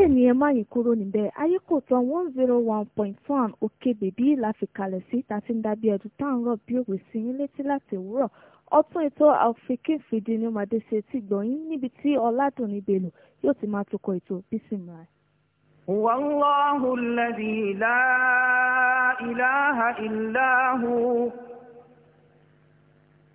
bẹ́ẹ̀ ni ẹ má yí kúrò níbẹ̀ ayékòtàn one zero one point one òkè bèbí láfikalẹ̀ sí tàti ń ẹ̀dùn tá à ń rọ̀ bí òwe sí yín létí láti òwúrọ̀ ọtún ètò àfikín fìdí ni màdé ṣe ti gbọ̀nyín níbi tí ọ̀làdùnní belò yóò ti máa tukọ̀ ètò bísímìlá. wàláhùn lẹ́dí ìlà ìlà ìlà hù.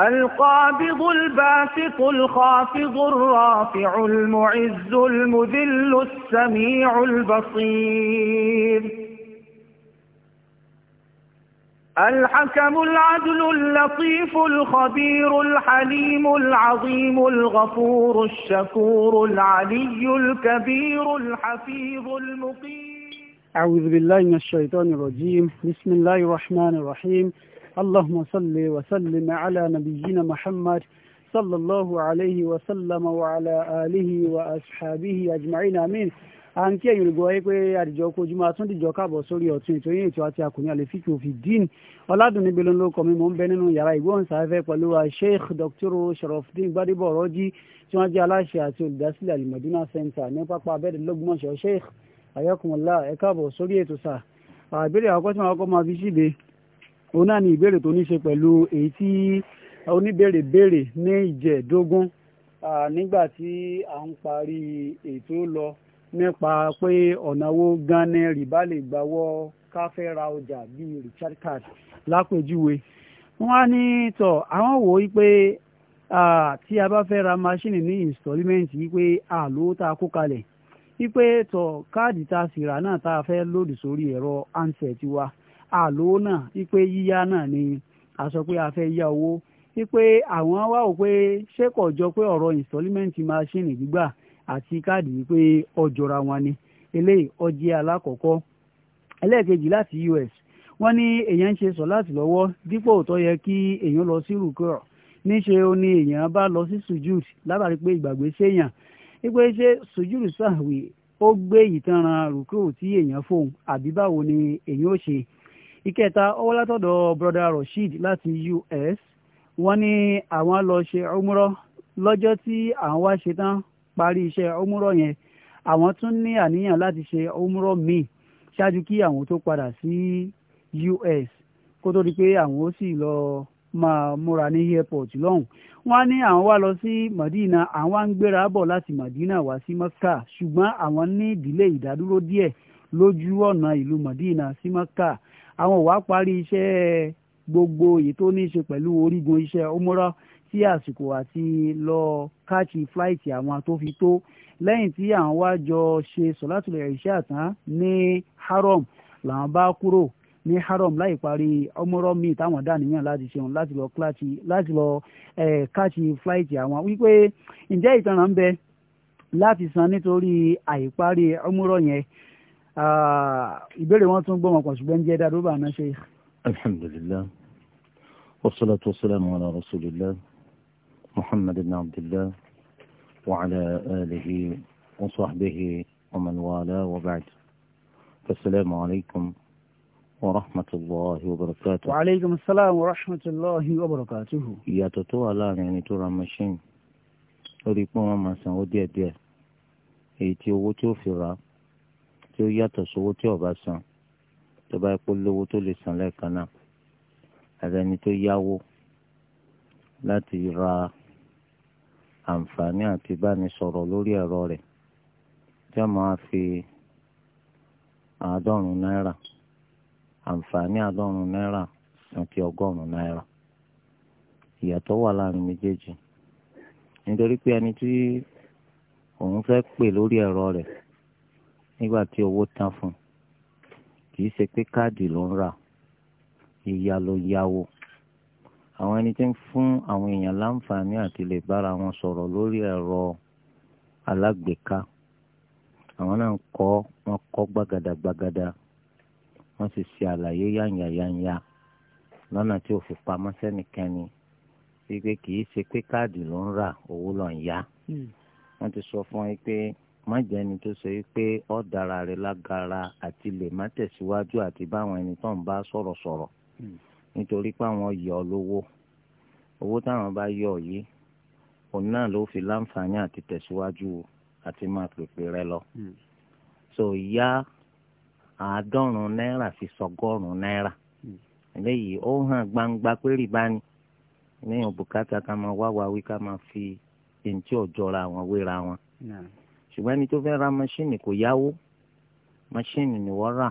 القابض الباسط الخافض الرافع المعز المذل السميع البصير الحكم العدل اللطيف الخبير الحليم العظيم الغفور الشكور العلي الكبير الحفيظ المقيم أعوذ بالله من الشيطان الرجيم بسم الله الرحمن الرحيم اللهم صل وسلم على نبينا محمد صلى الله عليه وسلم وعلى آله وأصحابه أجمعين آمين à ń kí ẹ̀yin olùgbọ́ wáyé pé àdìjọ kó ojúmọ́ àtúndìjọ káàbọ̀ sórí ọ̀tún ètò yín ètò àti àkùnrin àlefíkì òfin dín ọ̀làdùnní bẹ́ẹ̀ ló ń lọ́kọ̀ mi mò ń bẹ nínú yàrá ìgbóhùnsáfẹ́ pẹ̀lú sheikh dr sharafdin gbadebo ọ̀rọ́jì tí wọ́n jẹ́ aláṣẹ àti olùdásílẹ̀ alimọ̀dúnà center ní pápá abẹ́rẹ́ lọ́gbọ̀nsọ̀ sheikh ayakumọ̀lá ẹ káàbọ̀ sórí ètò sà òun náà ni ìbéèrè tó ní ṣe pẹ̀lú èyí tí oníbèrè béèrè ní ìjẹ̀dógún nígbà tí à ń parí ètò lọ nípa pé ọ̀nà wo gan ni rìbá lè gbà wọ káfẹ́ ra ọjà bíi richard card lápèjúwe wọ́n á ní tọ̀ àwọn wò ó pé tí a bá fẹ́ ra máṣíìnì ní installment yìí àlọ́ tá a kó kalẹ̀ wípé tọ̀ káàdì tá a sì rà náà tá a fẹ́ lòdì sórí ẹ̀rọ handset wa àlówó náà wípé yíyá náà ni a sọ pé a fẹ́ yá owó wípé àwọn wá wò pé ṣé kò jọ pé ọ̀rọ̀ installment machine gbígbà àti káàdì wípé ọjọ́ra wọn ni eléyìí ọjẹ́ alákọ̀ọ́kọ́ ẹlẹ́ẹ̀kejì láti US wọ́n ní èèyàn ń ṣe sọ láti lọ́wọ́ dípò tó yẹ kí èèyàn lọ sí rúkúrọ̀ níṣe ó ní èèyàn bá lọ sí sujud látàrí pé ìgbàgbé séèyàn wípé ṣé sujud sahwi ó gbé ìtanràn rúkúrò tí èèyàn fóun àbí báwo ni èèyàn ó ṣe ìkẹta ọwọ́ látọ̀dọ̀ broda Rasheed láti US wọ́n ní àwọn lọ ṣe ọmúrọ́ lọ́jọ́ tí àwọn wá ṣe tán parí iṣẹ́ ọmúrọ́ yẹn àwọn tún ní àníyàn láti ṣe ọmúrọ́ míì ṣáájú kí àwọn tó padà sí US kó tó di pé àwọn ó sì lọ máa múra ní airport lọ́hùn wọ́n ní àwọn wá lọ sí Madina àwọn wá ń gbéra bọ̀ láti Madina wá sí Mecca ṣùgbọ́n àwọn ní ìdílé ìdádúró díẹ̀ lójú ọ̀nà ìlú Madina sí Mecca àwọn ò wá parí iṣẹ́ gbogbo èyí tó ní í ṣe pẹ̀lú orígun iṣẹ́ umrah tí àsìkò àti lọ káàkiri fúláìtì àwọn tó fi tó lẹ́yìn tí àwọn wá jọ ṣe sọ̀látùlẹ̀ ìṣe àtàn ní haram làwọn bá kúrò ní haram láì parí umrah míì táwọn dàníyàn láti ṣeun láti lọ káàkiri fúláìtì àwọn wípé ǹjẹ́ ìtanràn ń bẹ láti san nítorí àìparí umrah yẹn ìbéèrè wọn tún gbọ́mọ̀ kan ṣùgbọ́n jẹ́ dáadọ́ bá àná ṣe. alhamdulilah wasalaatu wasalaamu ala rasulillah muhammad ibn abdillah wa ala alihi wa sahbihi wa man wala wa ba'd asalaamu alaykum wa rahmatulahi wa barakatuhu. wa aleykum salaam wa rahmatulahi wa barakatuhu. ìyàtọ̀ tó wà láàrin ẹni tó ra machine lórí pé wọ́n máa sanwó díẹ̀díẹ̀ èyí tí owó tí ó fi ra. tí ó yàtọ̀ sówó tí ọba san tó bá pé lówó tó lè san lẹ́ẹ̀kan náà àtẹni tó yáwó láti ra àǹfààní àti bánisọ̀rọ̀ lórí ẹ̀rọ rẹ̀ tí wọ́n máa fi àádọ́rùn-ún náírà àǹfààní àádọ́rùn-ún náírà san ti ọgọ́rùn-ún náírà ìyàtọ̀ wà láàrin méjèèjì nítorí pé ẹni tí òun fẹ́ pè lórí ẹ̀rọ rẹ̀ nígbà tí owó tán fún un kì í ṣe pé káàdì ló ń rà ìyá ló yáwó àwọn ẹni tí ń fún àwọn èèyàn láǹfààní àti lè bára wọn sọ̀rọ̀ lórí ẹ̀rọ alágbèéká àwọn náà ń kọ́ wọn kọ́ gbàgàdàgbàgàdà wọ́n sì ṣe àlàyé yányayányá lọ́nà tí ò fi pamọ́ sẹ́nikẹ́ni wípé kì í ṣe pé káàdì ló ń rà owó ló ń yá hmm. wọ́n ti sọ fún ẹ pé má jẹ́ ẹni tó ṣe pé ọ́ dára rẹ̀ lágara àti lè má tẹ̀síwájú àti báwọn ẹni tó ń bá sọ̀rọ̀ sọ̀rọ̀ hmm. nítorí pé àwọn yọ ọ lówó owó táwọn bá yọ yìí òun náà ló fi láǹfààní àti tẹ̀síwájú àti máa pèpè rẹ lọ. Hmm. so ya àádọ́rùn-ún náírà fi sọgọ́rùn-ún náírà hmm. eléyìí ó hàn gbangba pé rìbá ni ní òbúkátà ká máa wá wa wí ká máa fi èntí ọ̀jọ́ra wọn wéra wọn ṣùgbọ́n ẹni tó fẹ́ ra mọ́ṣíìnì kò yáwó mọ́ṣíìnì ni wọ́n rà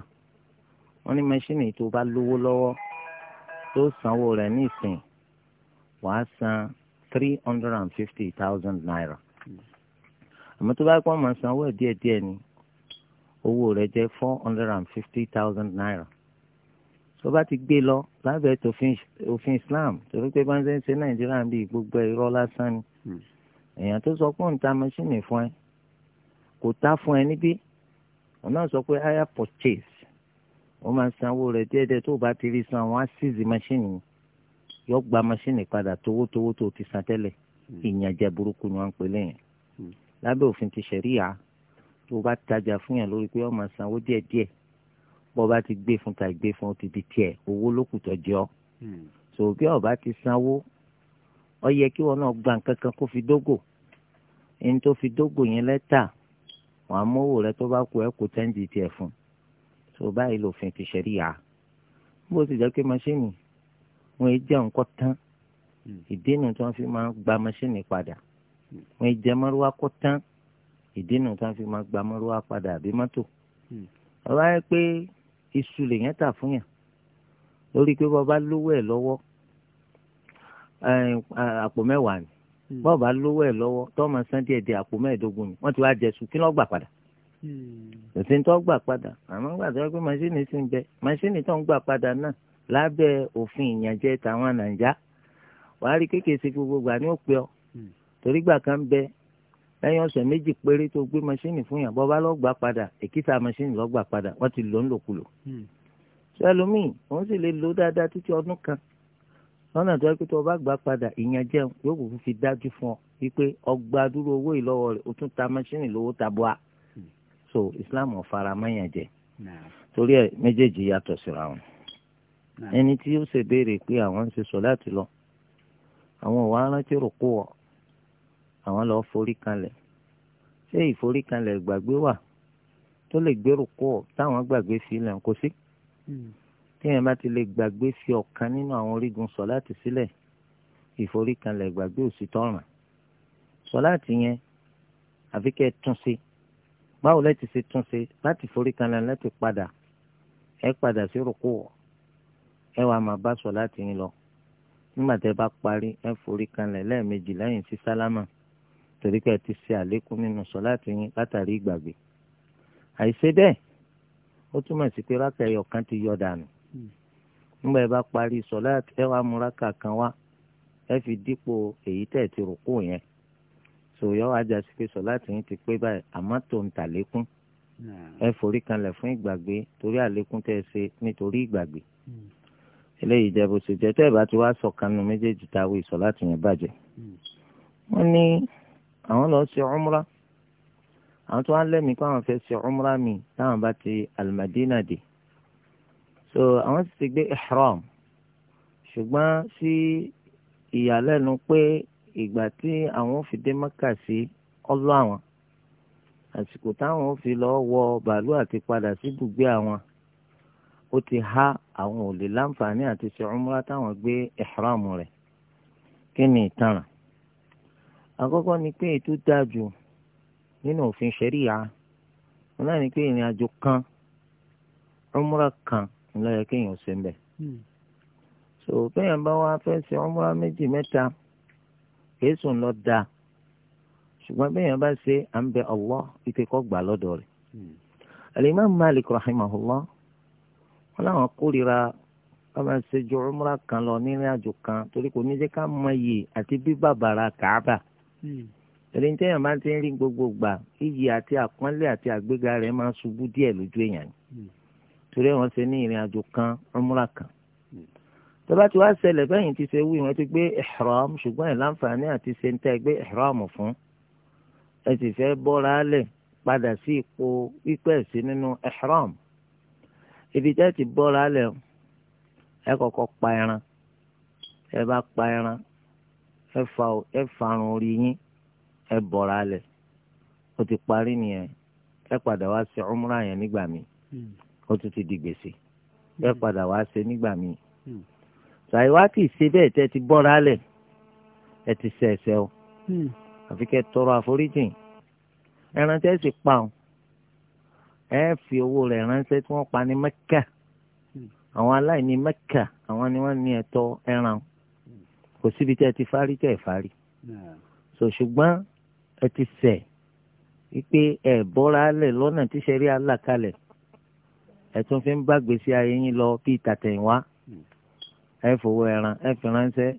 wọ́n ní mọ́ṣíìnì tó bá lówó lọ́wọ́ tó sanwó rẹ̀ ní ìsìn wàá san three hundred and fifty thousand naira àmọ́ tó bá pọ̀ máa sanwó ẹ̀ díẹ̀díẹ̀ ni owó rẹ̀ jẹ́ four hundred and fifty thousand naira tó bá ti gbé lọ lábẹ́ òfin Islam torí pé bá ń ṣe ń ṣe Nàìjíríà bíi gbogbo irọ́ lásán ni hmm. èèyàn tó sọ pé òun ta mọ́ṣíìnì fún ẹ kò tá fún ẹ níbí wọn náà sọ pé hire purchase wọn máa sanwó rẹ díẹ̀díẹ̀ tó o bá ti rí san wọn á sízi machine yọ gba machine padà towótowó tó o ti san tẹ́lẹ̀ hmm. ìyànjẹ burúkú ni wọ́n ń pè lẹ́yìn hmm. lábẹ́ òfin ti ṣẹ̀ríyà tó o bá tajà fún yàn lórí pé wọ́n máa sanwó díẹ̀díẹ̀ bó o bá ti gbé fún ta gbé fún ti di tiẹ̀ owó lókùtọ̀ jẹ́ hmm. so bí ọba ti sanwó ọ yẹ kí wọn náà gba nǹkan kan kó fi dógò ẹni tó fi dógò yẹn lẹ́tà wọn amówó rẹ tó bá kú ẹ kó tẹ́ǹdì tiẹ̀ fún tó báyìí lòfin ti ṣẹ̀rí yá bó ti jẹ́ pé mọ́ṣíìnì wọn jẹ́ nǹkan tán hmm. ìdínà tí wọ́n fi máa gba mọ́ṣíìnì padà hmm. wọn jẹ́ mọ́rúwá kó tán ìdínà tí wọ́n fi máa gba mọ́rúwá padà àbí mọ́tò ọba hmm. yẹ pé iṣu lèyàn tà fún yàn lórí pé bọ́ bá lówó ẹ̀ lọ́wọ́ àpò mẹ́wàá ni Hmm. bọ́ọ̀bà lówó ẹ̀ lọ́wọ́ tọ́mọ san díẹ̀ díẹ̀ àpò mẹ́ẹ̀ẹ́dógún ni wọ́n ti wá jẹ̀sùn kí ló gbà padà hmm. òsì tó gbà padà àmọ́ gbà tó pé màṣíìnì sì ń bẹ màṣíìnì tó ń gbà padà náà lábẹ́ òfin ìyànjẹ tàwọn nàìjà wàá rí kékeré sí gbogbo gbà ní òpè ọ hmm. torí gbà kan bẹ lẹ́yìn ọ̀sẹ̀ méjì péré tó gbé mọ́ṣíìnì fún yàn bọ́ba lọ́ọ́ gbà padà èkìtà mọ́ṣíìnì lọ́ọ́ gbà padà wọ́n ti lò ń lòkulò lọ́nà tó yẹ pé tó o bá gbà padà ìyẹn jẹun yóò kò fi dájú fún ọ wípé ọgbà dúró owó ìlọ́wọ́ rẹ̀ o tún ta mọ́ṣínì lówó tabua hmm. so Islam ọ̀fara mọ́yàn jẹ torí ẹ méjèèjì yàtọ̀ síra wọn ẹni tí ó ṣe béèrè pé àwọn ń ṣe sọ láti lọ àwọn ò wá rántí rògbò ọ àwọn lọ forí kanlẹ̀ ṣé ìforí kanlẹ̀ gbàgbé wà tó lè gbé rògbò ọ táwọn gbàgbé sílẹ̀ kò sí hmm téèyàn bá ti lè gbàgbé fi ọ̀kan nínú àwọn orígun sọ̀láàtì sílẹ̀ ìforíkanlẹ̀ gbàgbé òsì tọ̀ràn sọ̀láàtì yẹn àfi kẹ́ ẹ tún ṣe báwo lẹ́ẹ̀ ti ṣe tún ṣe láti foríkanlẹ̀ láti padà ẹ padà sí rúkú ẹ wàá máa bá sọ̀láàtì yín lọ nígbà tẹ́ bá parí ẹ foríkanlẹ̀ lẹ́ẹ̀mejì lẹ́yìn sí sálámà torí pé ẹ ti ṣe àlékún nínú sọ̀láàtì yín látàrí ìgbàgbé àìṣe bẹ́ẹ̀ ó túmọ̀ sí pé rákà ẹyọ kan ti yọ dànù nígbà yẹn bá parí sọláàtì ẹ wá múraka kan wá ẹ fi dípò èyí tẹ̀ ti rùkú yẹn sòyọ ajá sí pé sọláàtì yín ti pé báyìí àmọ́ tó ń tàlékún hmm. ẹ forí kanlẹ̀ fún ìgbàgbé torí àlékún tẹ́ ẹ ṣe nítorí ìgbàgbé hmm. eléyìí jẹ́ bó ṣe jẹ́ tẹ́ ẹ bá ti wá sọ̀kanu méjèèjì tá a wí sọláàtì yẹn bàjẹ́ hmm. wọ́n ní àwọn lọ ṣe ọmúra àwọn tó wá lẹ́mìí pé àwọn fẹ́ ṣe ọmúra mi táwọn bá ti alimadina dé so àwọn sì ti gbé ihram ṣùgbọ́n sí ìyàlẹ́nu pé ìgbà tí àwọn ò fi dé Mẹ́kà sí ọlọ́ àwọn àsìkò táwọn ò fi lọ wọ bàálù àti padà sí ibùgbé àwọn ó ti há àwọn ò lè láǹfààní àti ṣe umra táwọn gbé ihram rẹ̀ kí ni ìtanràn àkọ́kọ́ ni pé ètò dáa jù nínú òfin ṣẹ̀ríya wọn náà ni pé ìrìn àjò kan umra kan lọ́yẹ kéèyàn ṣe ń bẹ̀. Hmm. so kéèyàn bá wá fẹ́ ṣe ọmúra méjì mẹ́ta kìí sùn lọ dáa ṣùgbọ́n béèyàn bá ṣe à ń bẹ Allah ike kọ́ gbà lọ́dọ̀ rẹ̀. Hmm. alimami Malik rahimahullah wọn làwọn kórìíra wọn máa ṣe ju ọmúra kan lọ nírìn àjò kan torí kò ní jẹ́ ká mọ iyì àti bí bàbàrà kàábà èdè hmm. ní téèyàn bá ti ń rí gbogbo gbà iyì àti àpọ́nlé àti àgbéga rẹ̀ máa ṣubú díẹ̀ lójú èèyàn ni torí wọn ṣe ní ìrìn àjò kan ọmúra kan tó bá ti wá ṣẹlẹ̀ bẹ́yìn ti ṣe wí wọn ti gbé ihram ṣùgbọ́n ẹ̀ láǹfààní àti ṣe ń tẹ́ gbé ihram fún ẹ sì fẹ́ bọ́ra lẹ̀ padà sí ipò pípẹ́ sí nínú ihram ibi tẹ́ ti bọ́ra lẹ̀ ẹ kọ́kọ́ pa ẹran ẹ bá pa ẹran ẹ fa ẹ farun orí yín ẹ bọ́ra lẹ̀ ó ti parí nìyẹn ẹ padà wá sí umra yẹn nígbà mi ó tún ti di gbèsè bẹ́ẹ̀ hmm. padà wá ṣe nígbà míì hmm. ṣàìwá tì í ṣe bẹ́ẹ̀ tẹ́ ti bọ́ra lẹ̀ ẹ ti ṣe ẹ̀ṣẹ̀ o hmm. àfi kẹ́ tọrọ àforíjìn ẹran tẹ́ sì pa ọ́ ẹ fi owó rẹ̀ ránṣẹ́ tí wọ́n pa ní mẹ́kà àwọn aláìní mẹ́kà àwọn ni wọ́n ní ẹ̀tọ́ ẹran kò síbi tẹ́ ti fárí tẹ́ ẹ̀ fárí so ṣùgbọ́n ẹ ti ṣẹ̀ wípé ẹ bọ́ra lẹ̀ lọ́nà tíṣẹ̀rí alákalẹ̀ ẹ tún fi ń bá gbèsè ayé yín lọ bí ìtàtẹ̀yìnwá hmm. ẹ fowó ẹran ẹ fi ránṣẹ́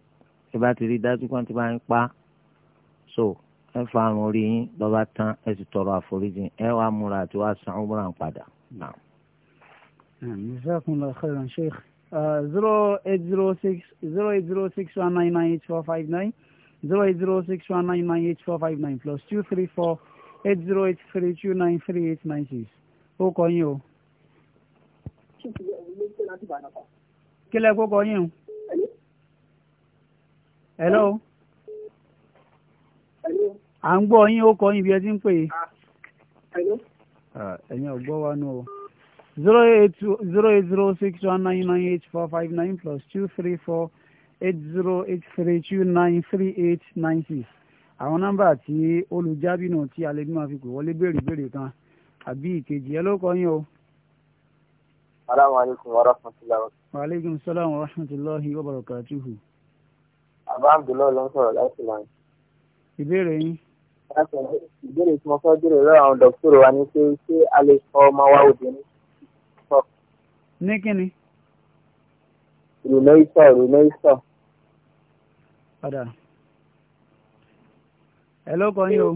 ẹ bá ti rí dájú kan tí wọ́n ń pa so ẹ fa àrùn orí yín lọ́ba tán ẹ sì tọrọ àforíjì ẹ wàá múra àti wàá san ọmọ náà padà. Hmm. Uh, zero eight zero six zero eight zero six one nine nine eight four five nine zero eight zero six one nine nine eight four five nine plus two three four eight zero eight three two nine three eight nine six ó kọ́ yín o kí lẹ kókọ yín o. hello. à ń gbọ́ yín ó kọ yín bí ẹ ti ń pè é. ẹ̀yin ò gbọ́ wa nù o. zero eight zero eight zero six one nine nine eight four five nine plus two three four eight zero eight three two nine three eight nine six àwọn nọ́mbà tí olùjábìnà tí alẹ́ bí máa fi pè wọlé béèrè béèrè kan àbí ìkejì ẹ ló kọ yín o aláwàlẹ́kùn wa rahmatullahi wa. wàhálẹ́kùn sálàmù rahmatullahi wa barakatuhu. àbá abdullahi ló ń sọ̀rọ̀ láti lọ. ìbéèrè yín. ìbéèrè tí mo fẹ́ béèrè lọ́wọ́ àwọn dọ́kítọ̀rù wa ni pé ṣé a lè fọ ọmọ wa obìnrin. ní kíni. ìrùlé ìsọ̀ ìrùlé ìsọ̀. padà. ẹ ló kọ́ yín o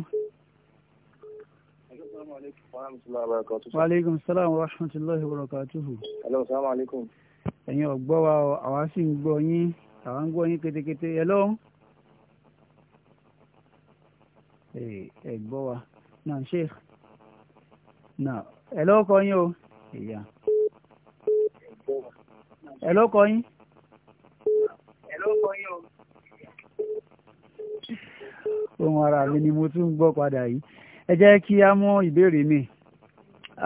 wa aleykum salaam wa rahmatulahi wa barakatuhu. hello salaam aleykum. ẹ̀yin ọ̀gbọ́ wa àwa sì ń gbọ́ yín àwa ń gbọ́ yín ketekete hello. ẹ gbọ́ wa náà ṣe náà hello kọ́ yín o ìyá hello kọ́ yín. hello kọ́ yín o. ohun ara mi ni mo tún ń gbọ́ padà yìí ẹ jẹ́ kí a mú ìbéèrè mi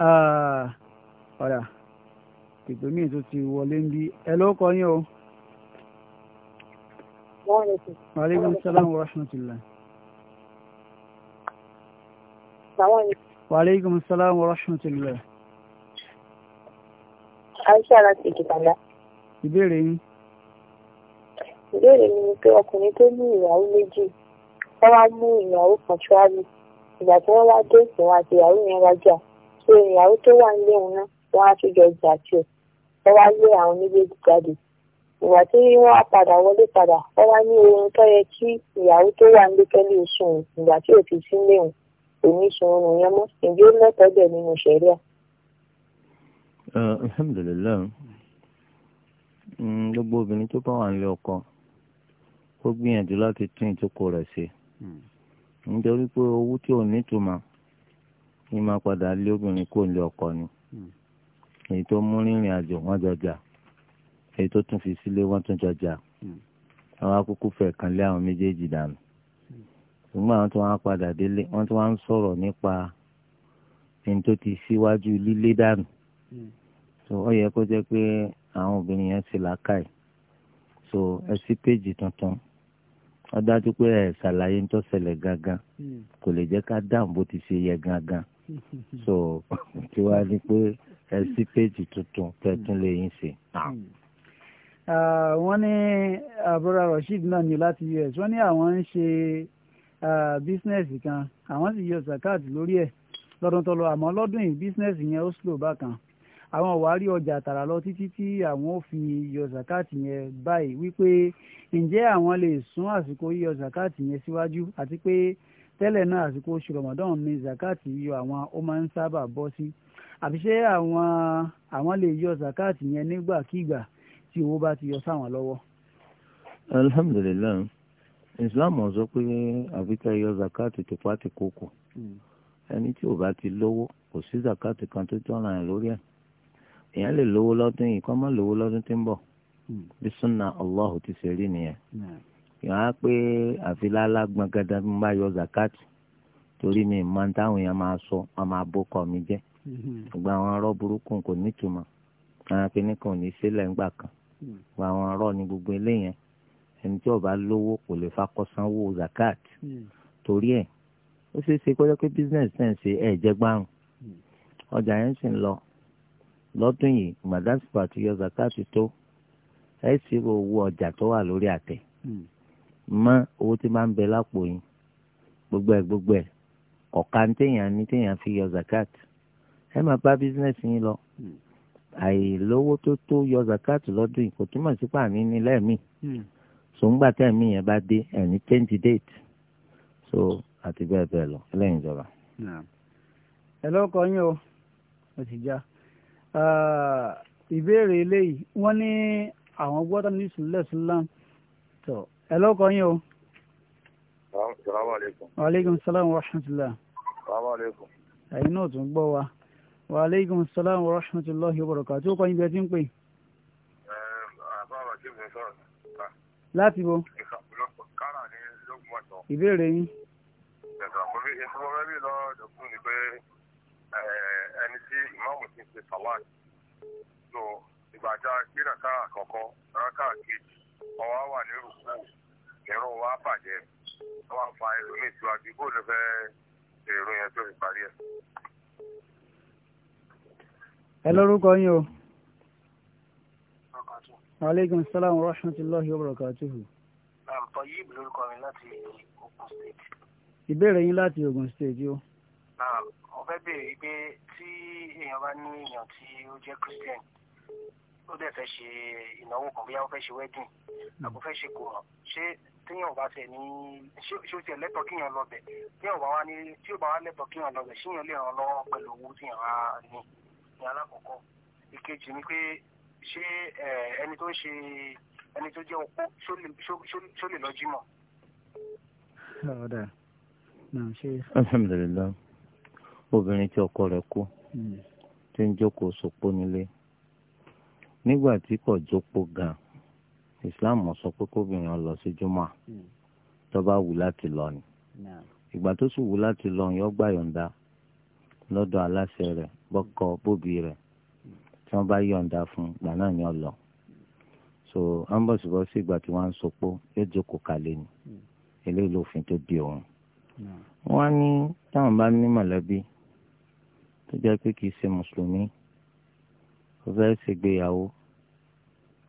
ah, ọ̀rà ìpè mí tó ti wọlé ń bí ẹ ló kọ yín o. maaleykum salaam wa rahmatulah. waaleykum salaam wa rahmatulah. aisha láti ìkìtàlá. ìbéèrè yín. ìbéèrè mi ni pé ọkùnrin tó ní ìyàwó méjì wọ́n wá mú ìyàwó kan ṣáájú ìgbà tí wọ́n wá dé ìsìn àti ìyàwó yẹn wájà ṣé ìyàwó tó wà ń léwu náà wọ́n á fi jọ ìjà tiẹ̀ wọ́n wá lé àwọn méjèèjì jáde ìgbà tí wọ́n á padà wọlé padà wọ́n wá ní oorun tó yẹ kí ìyàwó tó wà ń lé tẹ́lẹ̀ sùn ìgbà tí ò fi sí léwu kò ní sùn oorun yẹn mọ́ ìdí ó lẹ́tọ̀ọ́ bẹ̀ nínú ṣẹ̀ríà. alhamdulilayi mm, gbogbo obìnrin tó bá wà ń lé ọkọ ó gbìyànjú láti tún ìjókòó rẹ̀ ṣe. Hmm. nítorí pé owó tí ò nítumọ̀ ní máa padà lé obìnrin kò lé ọkọ ni èyí tó mú rìnrìn àjò wọn jọjà èyí tó tún fi sílé wọn tún jọjà àwọn akókó fẹ́ kan lé àwọn méjèèjì dànù ṣùgbọ́n àwọn tó wá padà délé wọ́n tó wá ń sọ̀rọ̀ nípa ẹni tó ti síwájú lílé dànù so ó yẹ kó jẹ́ pé àwọn obìnrin yẹn ti làákàyè so ẹ sí péjì tuntun ó dájú pé ẹ ṣàlàyé tó ṣẹlẹ̀ gangan hmm. kò lè jẹ́ ká dáhùn bó ti ṣe yẹ gangan so tí wàá ní pé ẹ sí péjì tuntun tẹ̀tún lè yín ṣe. Hmm. wọ́n ní àbúrò rasheed náà ní láti us wọ́n ní àwọn ń ṣe bísínẹ́sì kan àwọn sì yọ zakat lórí ẹ̀ lọ́dún tó lọ àmọ́ lọ́dún yìí bísínẹ́sì yẹn ó slow bákan àwọn ọ̀wárí ọjà tààrà lọ títí tí àwọn ò fi yọ zakati yẹn báyìí wípé ǹjẹ́ àwọn lè sún àsìkò yíyọ zakati yẹn síwájú àti pé tẹ́lẹ̀ náà àsìkò oṣù Ramadan ni zakati yíyọ àwọn ó máa ń sábà bọ́ sí àbí ṣé àwọn àwọn lè yọ zakati yẹn nígbàkigbà tí owó bá ti yọ sáwọn lọ́wọ́. alhamdulilayi islam sọ pé àfikà yọ zakati tipa ti kókò hmm. ẹni tí ò bá ti lówó kò sí zakati kan tó tọ́ràn ẹ̀ lórí ẹ̀ èèyàn lè lówó lọ́dún yìí kọ́ mọ́ lówó lọ́dún tí ń bọ̀ hmm. bí súnà ọlọ́hù ti ṣe rí nìyẹn hmm. yàn pé àfi gẹ́gẹ́ bí torí mi máa ń táwọn èèyàn máa sọ wọn máa bó mi jẹ́ hmm. gbogbo àwọn ọ̀rọ̀ burúkú kò nítumọ̀ àwọn ò sílẹ̀ ńgbà kan ọ̀rọ̀ gbogbo eléyẹn ẹni kò lè zakat torí ẹ̀ ó ṣeé ṣe pé business náà ṣe lọ́dún yìí gbàdásìkò àti yọ zakati tó ẹ sì rò owó ọjà tó wà lórí àtẹ hmm. mọ owó tí máa ń bẹ lápò yín gbogbo ẹ gbogbo ẹ ọ̀kan téèyàn ní téèyàn fi yọ zakati ẹ máa bá bísínẹ́sì yín lọ hmm. àìlówó tó tó yọ zakati lọ́dún yìí kò túmọ̀ sí pàání ní lẹ́ẹ̀mí hmm. sòǹgbà tẹ̀mí yẹn bá dé ẹ̀ní change date so àti bẹ́ẹ̀ bẹ́ẹ̀ lọ lẹ́yìn ìjọba. ẹ lọ́kọ̀ yín o ó ti já ìbéèrè eléyìí wọ́n ní àwọn gbọ́dọ̀ ní sùlẹ̀ sùlám tó ẹ lọ́kọ̀ yín o. salaamaleykum. waaleykum salaam wa rahmatulah. salaamaleykum. ẹ̀yin náà tún gbọ́ wa. waaleykum salaam wa rahmatulah yóò bọ̀rọ̀ kàtó kọ́ yín bí ẹ ti ń pè. àbáwá kí mi sọ̀rọ̀ nípa. láti bo. kára ní lókùnmọ̀tò. ìbéèrè yín ìmáàmù ti ṣe sàláì so ìgbà tá a gbé ràkà àkọ́kọ́ ràkà kejì ọwọ́ wà ní rúkú ẹ̀rọ wa bàjẹ́ wọ́n á fa ẹlòmíì síwájú bó ló fẹ́ èrò yẹn tó fi parí ẹ̀. ẹ lórúkọ yín o. aleykum salaam wa rahmatulahi wa barakatuhu. àǹtọ̀ yìí lórúkọ mi láti Ogun State. ìbéèrè yín láti Ogun State yìí o fẹ́ béèrè pé tí èèyàn bá ní èèyàn tí ó jẹ́ christian ó dẹ̀ fẹ́ ṣe ìnáwó kan bóyá ó fẹ́ ṣe wedding àbò fẹ́ ṣe kòrán ṣé téèyàn bá tẹ̀ ní ṣé ó tiẹ̀ lẹ́tọ̀ọ́ kéèyàn lọ bẹ̀ téèyàn bá wá ní tí ó bá wá lẹ́tọ̀ọ́ kéèyàn lọ bẹ̀ ṣéèyàn lè ràn lọ́wọ́ pẹ̀lú owó téèyàn á ní ní alákọ̀ọ́kọ́ ìkejì ni pé ṣé ẹni tó ṣe ẹni tó jẹ́ opó ṣó lè lọ jímọ̀. alhamdulilayi. obìnrin tí ọkọ rẹ̀ kú hmm. tí ń jókòó sopó nílé nígbà tí kò jókòó gan islam sọ pé kóbìnrin lọ sí jùmọ̀ hmm. tó bá wù láti lọ ni ìgbà tó sì wù láti lọ yọ gbà yọ̀ǹda lọdọ aláṣẹ rẹ bọkọ bóbi rẹ tí wọn bá yọ̀ǹda fún gbà náà ni ọ lọ so ambọ̀sibọ́sí ìgbà tí wọ́n ń sopó yóò jókòó kalẹ̀ ni hmm. eléyìí lófin tó di òun. wọn á ní táwọn bá ní mọlẹbí. tó jẹ́ pé kìí ṣe mùsùlùmí ó fẹ́ ṣègbéyàwó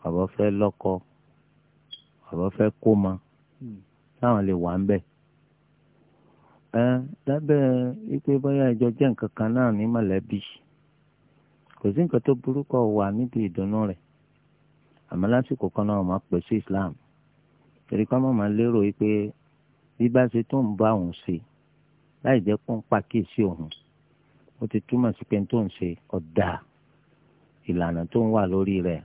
àbọ̀ fẹ́ lọ́kọ àbọ̀ fẹ́ kó mọ táwọn lè wà ń bẹ̀. ẹ lábẹ́ wípé bóyá ìjọ jẹ́ nǹkan kan náà ní mọ̀lẹ́bí kò sí nǹkan tó burúkọ wà níbi ìdùnnú rẹ̀ àmọ́ lásìkò kan náà máa pè sí Islam torí ká má máa lérò wípé bí bá ṣe tó ń bá òun ṣe láì jẹ́ pọ́ńpà kìí sí òun ó ti túmọ̀ sí pé tó ń ṣe ọ̀dà ìlànà tó ń wà lórí rẹ̀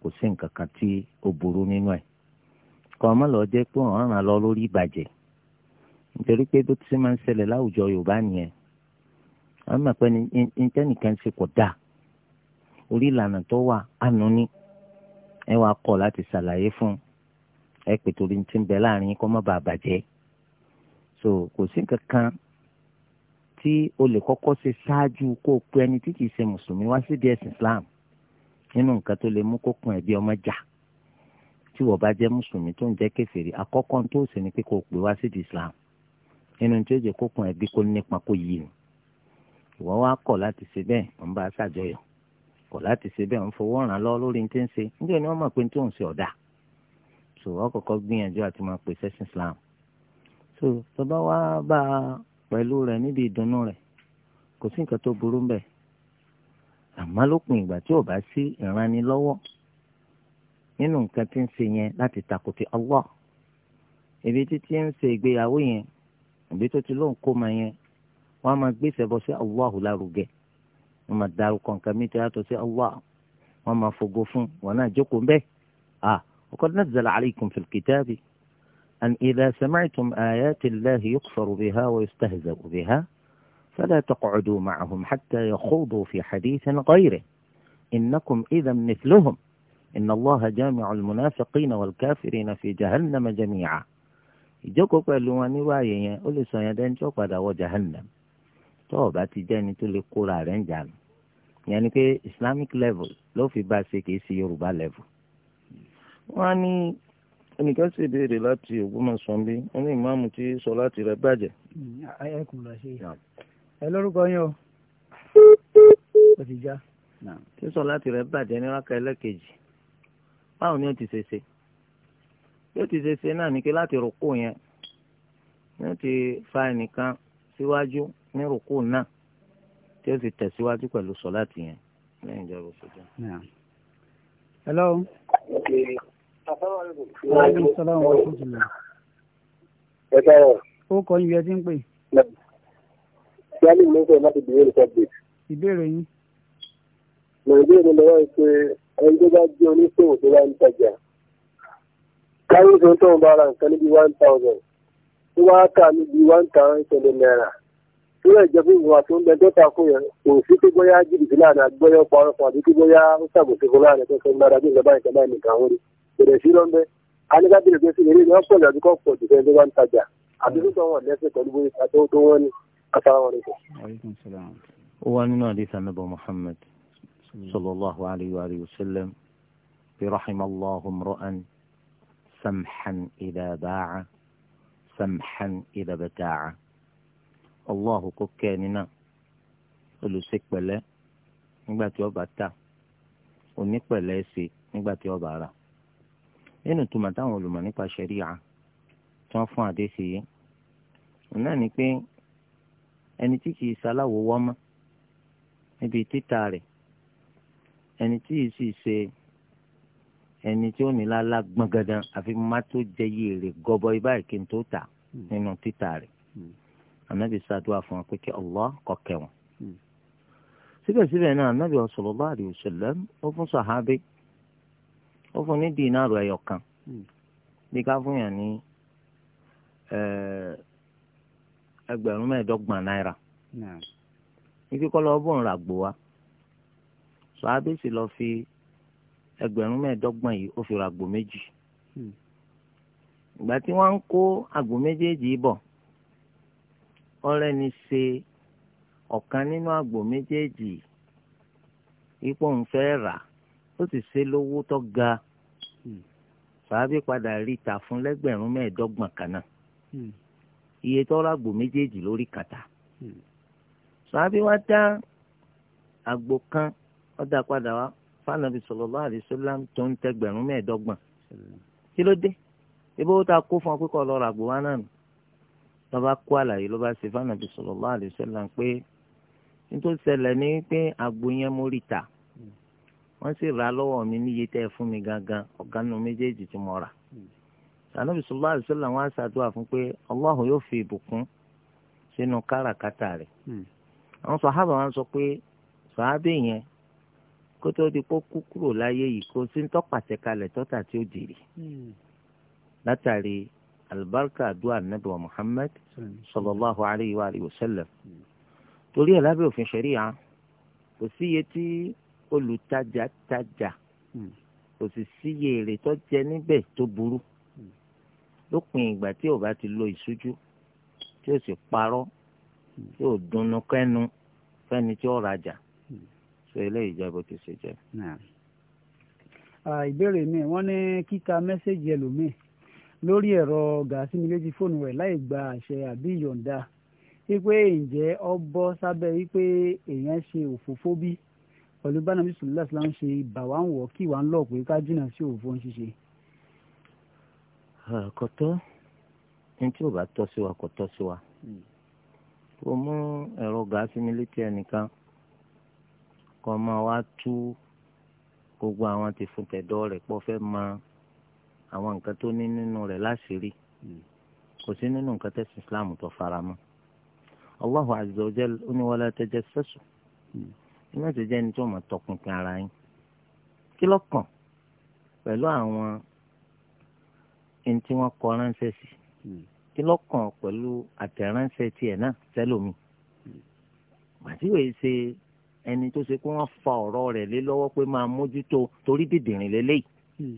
kò sí nǹkan kan tí ó burú nínú ẹ̀ kọ́ ọmọ lọ jẹ́ pé ọ̀ràn lọ lórí ìbàjẹ́ nítorí pé tó ti máa ń ṣẹlẹ̀ láwùjọ Yorùbá nìyẹn wọ́n mọ̀ pé nítẹ́nìkan ṣe kò dáa orí ìlànà tó wà ànú ni ẹ wàá kọ̀ láti ṣàlàyé fún ẹ pé torí ti ń bẹ láàrin kọ́ mọ́ bàa so kò sí nǹkan kan tí o lè kọ́kọ́ ṣe ṣáájú kó o pe ẹni tí kìí ṣe mùsùlùmí wá sí díẹ̀ sí islam nínú nǹkan tó lè mú kó kun ẹ̀bí ọmọ jà tí wọ́n bá jẹ́ mùsùlùmí tó ń jẹ́ kèfèrí àkọ́kọ́ tó sì ní pé kó o pè wá sí di islam nínú tí ó jẹ́ kó kun ẹ̀bí kó nípa kó yí ni ìwọ wá kọ̀ láti ṣe bẹ́ẹ̀ wọ́n bá ṣàjọyọ̀ kọ̀ láti ṣe bẹ́ẹ̀ wọ́n fowó ràn lọ lórí tí ń ṣe níjẹ́ ni wọ́n mọ̀ so wọ́n kọ́kọ́ gbìyànjú àti máa pè islam so tó bá pẹ̀lú rẹ̀ níbi ìdùnnú rẹ̀ kò sí nǹkan tó burú bẹ́ẹ̀ àmọ́ lópin ìgbà tí ò bá sí ìrànilọ́wọ́ nínú nǹkan tí ń ṣe yẹn láti takùtì Allah ibi títí ń ṣe ìgbéyàwó yẹn ìbí tó ti lóun kó ma yẹn wọ́n á máa gbé ìṣẹ̀bọ sí Allahu lárugẹ wọ́n máa darúkọ nǹkan mi tó yàtọ̀ sí Allah wọ́n máa fògo fún wọn náà jókòó bẹ́ẹ̀ ah ọkọ nazzala alaykum fil kitabi. أن إذا سمعتم آيات الله يكفر بها ويستهزأ بها فلا تقعدوا معهم حتى يخوضوا في حديث غيره إنكم إذا مثلهم إن الله جامع المنافقين والكافرين في جهنم جميعا جوكو قالوا أني وايين أولي سيدين جوكو دو جهنم توبة تجاني تولي قولا رنجان يعني كي إسلامي ليفل لو في باسي كي سيوربا ليفل واني ẹnìkan sì béèrè láti Ògbómọ̀ṣọ́ bí wọ́n ní ìmáàmù tí sọ láti rẹ̀ bàjẹ́. ẹ kùn lọ sí ẹ lórúkọ yín o ó ti já. tí sọ láti rẹ̀ bàjẹ́ ní rákà ẹlẹ́kejì báwo ni ó ti ṣe ṣe yóò ti ṣe ṣe náà ní kí láti rúkú yẹn yóò ti fa ẹnìkan síwájú ní rúkú náà tí ó sì tẹ̀síwájú pẹ̀lú sọ láti yẹn lẹ́yìn ìjọba òṣèlú. hello. Okay aleykum salaam wa rahmatulah. ẹ káàárọ̀. ó kọ ibi ẹ ti ń pè. yálì ló ń sọ̀rọ̀ láti bìrẹ̀ republic. ìbéèrè yín. nàìjíríà ló wáyé pé ẹni tó bá jẹ́ oníṣòwò tó bá ń tajà káyọ̀ tó ń tọ̀hún bá ra nǹkan níbi one thousand tó wá kà níbi one thousand tẹ̀lé náírà tó yẹ jẹ́ fún ìwà tó ń bẹ dọ́ta fún yẹn kò sí tó bóyá jìbìtì láàrin àgbọ́yọ̀ pa ọ̀rọ̀ fún àbí tó bóyá ó ṣàbòsí fún láàrin tó fẹ́ ń bára bí ìjọba ìjọba ìnìkan wọlé bẹ̀rẹ̀ sí lọ́nbẹ́ alẹ́gàbẹ̀rẹ̀ pé eré ni wọ́n pọ̀ lọ́dún kọ́ pọ̀ jù fẹ́ẹ́ ló wá ń tajà àdúgbò tó wọ̀n lẹ́sẹ̀ pẹ̀lú bóyá àti owó tó wọ́n ní asáwọn rẹ̀. ó wá nínú àdìsá nàbà Muhammad sallallahu alayhi wa sallam bi rahimallahu imra'an samhan idha ba'a samhan idha bata'a Allahu kó kẹ́ ẹni náà olùsèpẹ̀lẹ́ nígbà tí ó bá tà onípẹ̀lẹ́ ṣe nígbà tí ó bá rà nínú tòmọ̀ táwọn olùmọ̀ nípa ṣẹ̀ríà tí wọ́n fún adé sí yìí òun náà ni pé ẹni tí kìí ṣaláwo wọ́ mọ́ níbi títà rẹ̀ ẹni tí yìí sì ṣe ẹni tí ó ní lálá gbọ́n gandan àfi má tó jẹ yìí rè gọbọ ibà kí n tó tà nínú títà rẹ̀ hmm. ànábì ṣàdúrà fún wọn pé kí Allah kó kẹ́ wọn. Hmm. síbẹ̀síbẹ̀ náà ànábì sallallahu alaihi wasallam ó fún sàhábẹ́ ó fún ní dínàrù ẹyọ kan hmm. bí ká fún yàn ní ẹgbẹ̀rún mẹ́ẹ̀ẹ́dọ́gbọ̀n náírà ibi kọ́ lọ́ọ́ bọ̀n wa sọ abẹ́sì lọ fi ẹgbẹ̀rún mẹ́ẹ̀ẹ́dọ́gbọ̀n yìí ó fi ràgbò méjì hmm. ìgbà tí wọ́n ń kó àgbò ó sì ṣe lówó tó ga hmm. sàábì padà rí ta fún lẹ́gbẹ̀rún mẹ́ẹ̀ẹ́dọ́gbọ̀n kan náà hmm. iye tọ́lá àgbò méjèèjì lórí kàtà hmm. sàábì wá dá àgbò kan ó dá padà wá fànàbì sallallahu alaihi wasallam tó ń tẹgbẹ̀rún mẹ́ẹ̀ẹ́dọ́gbọ̀n kí ló dé ibi ó ta kó fún ọ pé kọ́ lọ́ọ́ ra àgbò wá náà nù ló bá kó àlàyé ló bá ṣe fànàbì sallallahu alaihi wasallam pé nítorí ṣẹlẹ̀ ní pé àgbò yẹn mórí ta wọ́n sì ra lọ́wọ́ mi níye tẹ́ ẹ fún mi gangan ọ̀gá nínú méjèèjì tí mo rà. sànàbì sọlá àdìsọ́là wọn á ṣàdúrà fún pé Allah yóò fi ìbùkún sínú káràkátà rẹ̀. Hmm. àwọn sàhábà wọn sọ pé sàhábà yẹn kó tó di pọ́ kú kúrò láyé yìí kó sí ń tọ́pàṣẹ kalẹ̀ tọ́ta tí ó jèrè. Hmm. látàrí alibarika àdúrà nàbẹ̀ wa Muhammad sallallahu alayhi wa sallam. Hmm. torí ẹ̀ lábẹ́ òfin ṣẹ̀ríyà kò sí iye tí olùtajà tajà hmm. kò sì síye èrè tó jẹ níbẹ̀ tó burú hmm. lópin ìgbà tí ò bá ti lo ìṣújú tí ò sì parọ́ hmm. tí ò dunnú kẹ́nu fẹ́ni tí ó rajà ṣe eléyìí jẹ́ bó ti ṣe jẹ́. ìbéèrè mi wọ́n ní kíka mẹ́sẹ̀gì ẹlòmíì lórí ẹ̀rọ gàásìmílẹ́jì fóònù rẹ̀ láì gba àṣẹ àbí ìyọ̀ǹda wípé ǹjẹ́ ọ bọ́ sábẹ́ wípé èèyàn ṣe òfófó bíi pẹ̀lú bá nàbí sùlùmí láti láwọn ṣe ìbà wà ń wọ̀ kí ìwà ń lọ̀ pé ká jìnnà sí òfò ń ṣiṣẹ́. àkọ́tọ́ ní tí ò bá tọ́ sí wa kò tọ́ sí wa hmm. kò mú ẹ̀rọ gàásì mi létí ẹnìkan kò máa wá tú gbogbo àwọn ti fún tẹ̀dọ́ rẹ̀ pọ̀ fẹ́ mọ àwọn nǹkan tó ní nínú rẹ̀ láṣìírí hmm. kò sí nínú nǹkan tẹ̀sí Islam tó fara mọ́ Allahu azza ó ní wala tajassasu. Hmm ẹ má ṣe jẹ́ ẹni tí wọ́n máa tọpinpin ara yín kí lọ́kàn pẹ̀lú àwọn ẹni tí wọ́n kọ ránṣẹ́ sí hmm. kí lọ́kàn pẹ̀lú àtẹ̀ránṣẹ́ tiẹ̀ náà sẹ́lòmí hmm. màtíwèé ṣe ẹni tó ṣe pé wọ́n fa ọ̀rọ̀ rẹ̀ lé lọ́wọ́ pé máa mójútó torí dìdìrín lélẹ́yìí hmm.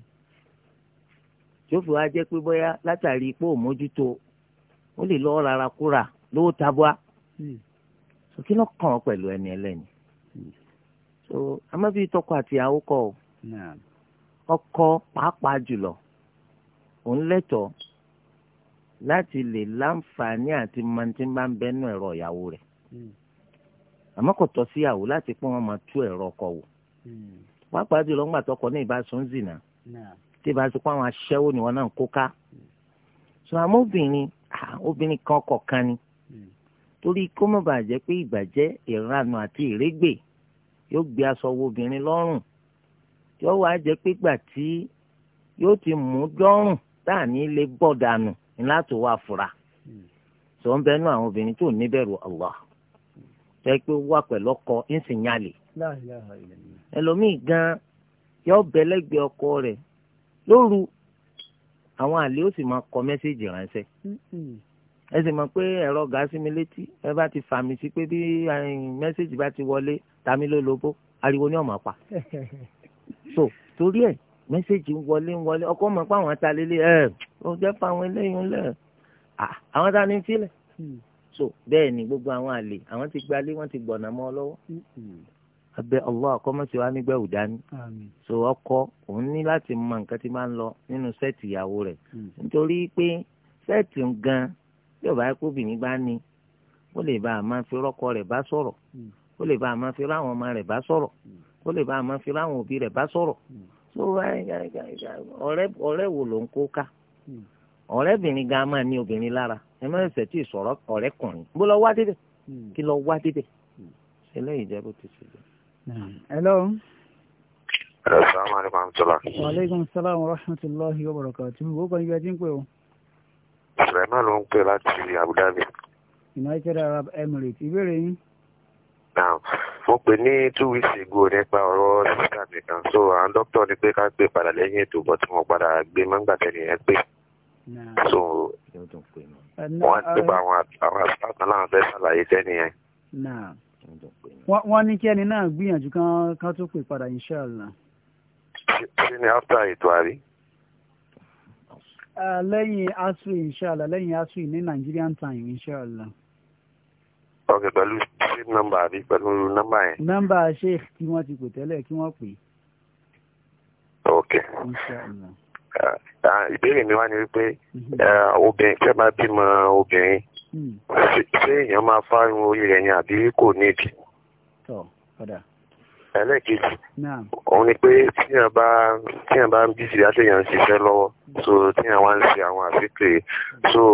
tí ó fi wá jẹ́ pé bóyá látàrí pé ò mójútó ó lè lọ́ rárá kúrà lówó tabua sókè lọ́kàn pẹ̀lú ẹni ẹlẹ́ni so àmọ́ bíi tọkọ àti ìyàwó kọ́ o ọkọ pàápàá jùlọ òun lẹ́tọ̀ọ́ láti lè láǹfààní àti mọ̀ntínbá ń bẹ́nu ẹ̀rọ ìyàwó rẹ̀ hmm. àmọ́ kò tọ́ sí ìyàwó láti pọ́n wọn máa tú ẹ̀rọ ọkọ wò hmm. pàápàá jùlọ ńgbà tọkọ ní ìbásun zìnà tí ìbá ti pọ́n àwọn ni wọ́n náà ń kó ká hmm. so àmọ́ obìnrin obìnrin kan kọ̀ọ̀kan ni torí kó má bàa jẹ́ pé ìbàjẹ́ ìranu àti ìrégbè yóò gbé aṣọ wo obìnrin lọ́rùn yóò wá jẹ́ pígbà tí yóò ti mú dọ́rùn tá à ní lè bọ́ dànù láti wá fura hmm. sọ ń bẹnu àwọn obìnrin tó níbẹ̀rù Allah jẹ́ pé wà pẹ̀lú ọkọ ìsìnyàlè ẹlòmíì gan yóò bẹ lẹ́gbẹ̀ẹ́ ọkọ rẹ̀ lóru àwọn àlè ó sì máa kọ mẹ́sẹ̀gì ránṣẹ́ hmm. ẹ sì mọ̀ pé ẹ̀rọ gàásì mi létí ẹ bá ti fà mí sí pé bí mẹ́sẹ̀gì bá ti wọlé tami ló lobó ariwo ni ọmọ pa so torí ẹ mẹsẹgì ń wọlé ń wọlé ọkọ ọmọ pa àwọn atalélé ẹ o jẹ pa àwọn eléyìí ńlẹ àwọn tá a ní ń filẹ so bẹ́ẹ̀ ni gbogbo àwọn àlè àwọn ti gbalé wọn ti gbọnà mọ ọ lọ́wọ́ abẹ Allah akọmọsí wa nígbà òdání so ọkọ òun ní láti mọ nǹkan tí máa ń lọ nínú sẹẹtì ìyàwó rẹ hmm. nítorí pé sẹẹtì gan yóò bá kóbìnrin bá ní ó lè bá a máa fi rọkọ rẹ bá sọ̀rọ̀ hmm ó lè bá a máa fi ráwọn ọmọ rẹ̀ bá sọ̀rọ̀ ó lè bá a máa fi ráwọn òbí rẹ̀ bá sọ̀rọ̀ tó ọ̀rẹ́ wo ló ń kó ká ọ̀rẹ́bìnrin gan máa ní obìnrin lára ẹ má ṣe tí ì sọ̀rọ̀ ọ̀rẹ́kùnrin bó lọ wá débẹ̀ kí lọ wá débẹ̀ ṣe lẹ́yìn jẹ́ bó ti ṣe jẹ́. hello. hello salaam aleykum amtola. waaleykum salaam wa rahmatulahi wa barakatu. wo kàn yíyá tí ń pè o. sulaiman ló ń pè láti Abu Dhabi. United Arab Emirates ìbéèrè yín now mo pè ní two weeks ago nípa ọ̀rọ̀ sísá mi kan so àwọn dókítà ni pé ká gbé padà lẹ́yìn ètò bọ́ tí mo padà gbé mọ́ngbà tẹ̀lé yẹn pé so wọ́n ti gba uh, àwọn àṣà kan láwọn fẹ́ ṣàlàyé sẹ́ni yẹn. wọ́n ní kí ẹni náà gbìyànjú ká tó pè padà inṣàlá. ṣé ni after ètò àrí. Uh, lẹ́yìn asri inṣàlá lẹ́yìn asri ní Nigerian time inṣàlá ok pẹ̀lú same number àbí pẹ̀lú number yẹn. number sheikh tí wọ́n ti pè tẹ́lẹ̀ kí wọ́n pè. ok ah, ah, ìbéèrè mi wá ni wípé mhm. eh, obìnrin fẹ́ máa bímọ obìnrin hmm. ṣé èèyàn máa fárun orí rẹ̀ ni àbí kò nídìí. ẹlẹ́kejì òun ni pé tíyàn bá tíyàn bá ń bí síbi àtẹ̀yàn ń ṣiṣẹ́ lọ́wọ́ so tíyàn wá ń ṣe àwọn àfikè so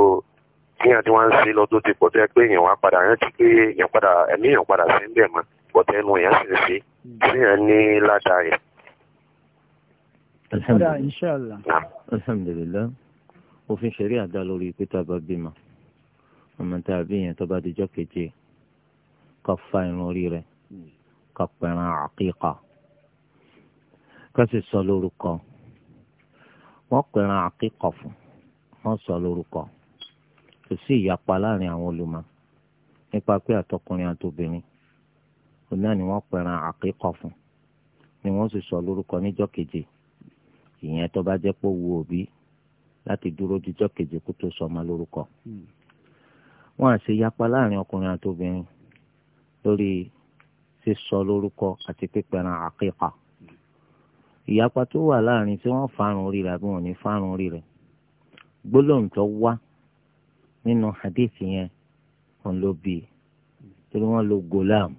kíyàn tí wọ́n ń ṣe lọ tó ti pọ̀ tó yẹ pé èèyàn wá padà rántí pé èèyàn padà ẹ̀mí èèyàn padà sí ń bẹ̀ mọ́ bọ̀tẹ́ ẹnu èèyàn sì ń ṣe síyàn hmm. ní ládàá rẹ̀. alhamdulilayi òfin ṣẹ̀rí àdá lórí pé tá a bá bímọ ọmọ tá a bí yẹn tó bá dijọ́ keje ká fa irun orí rẹ̀ hmm. ká pẹ̀ràn àkíkà ká sì sọ lórúkọ wọ́n pẹ̀ràn àkíkà fún wọ́n sọ lórúkọ kò sí ìyapa láàrin àwọn olùmọ̀ nípa pé àtọkùnrin àtobìnrin òun náà ni wọ́n pẹran àkíkọ fún ni wọ́n sì sọ lórúkọ níjọ́ keje ìyẹn tó bá jẹ́ pé ó wu òbí láti dúró díjọ́ keje kó tó sọmọ lórúkọ. wọ́n á ṣe yapa láàrin ọkùnrin àtobìnrin lórí sísọ lórúkọ àti pípẹran àkíkọ ìyapa tó wà láàrin tí wọ́n fárun orí rẹ̀ àbí wọ́n ní fárun orí rẹ̀ gbólóhùn tó wá nínú hadith yẹn òun ló bí torí wọ́n lo golam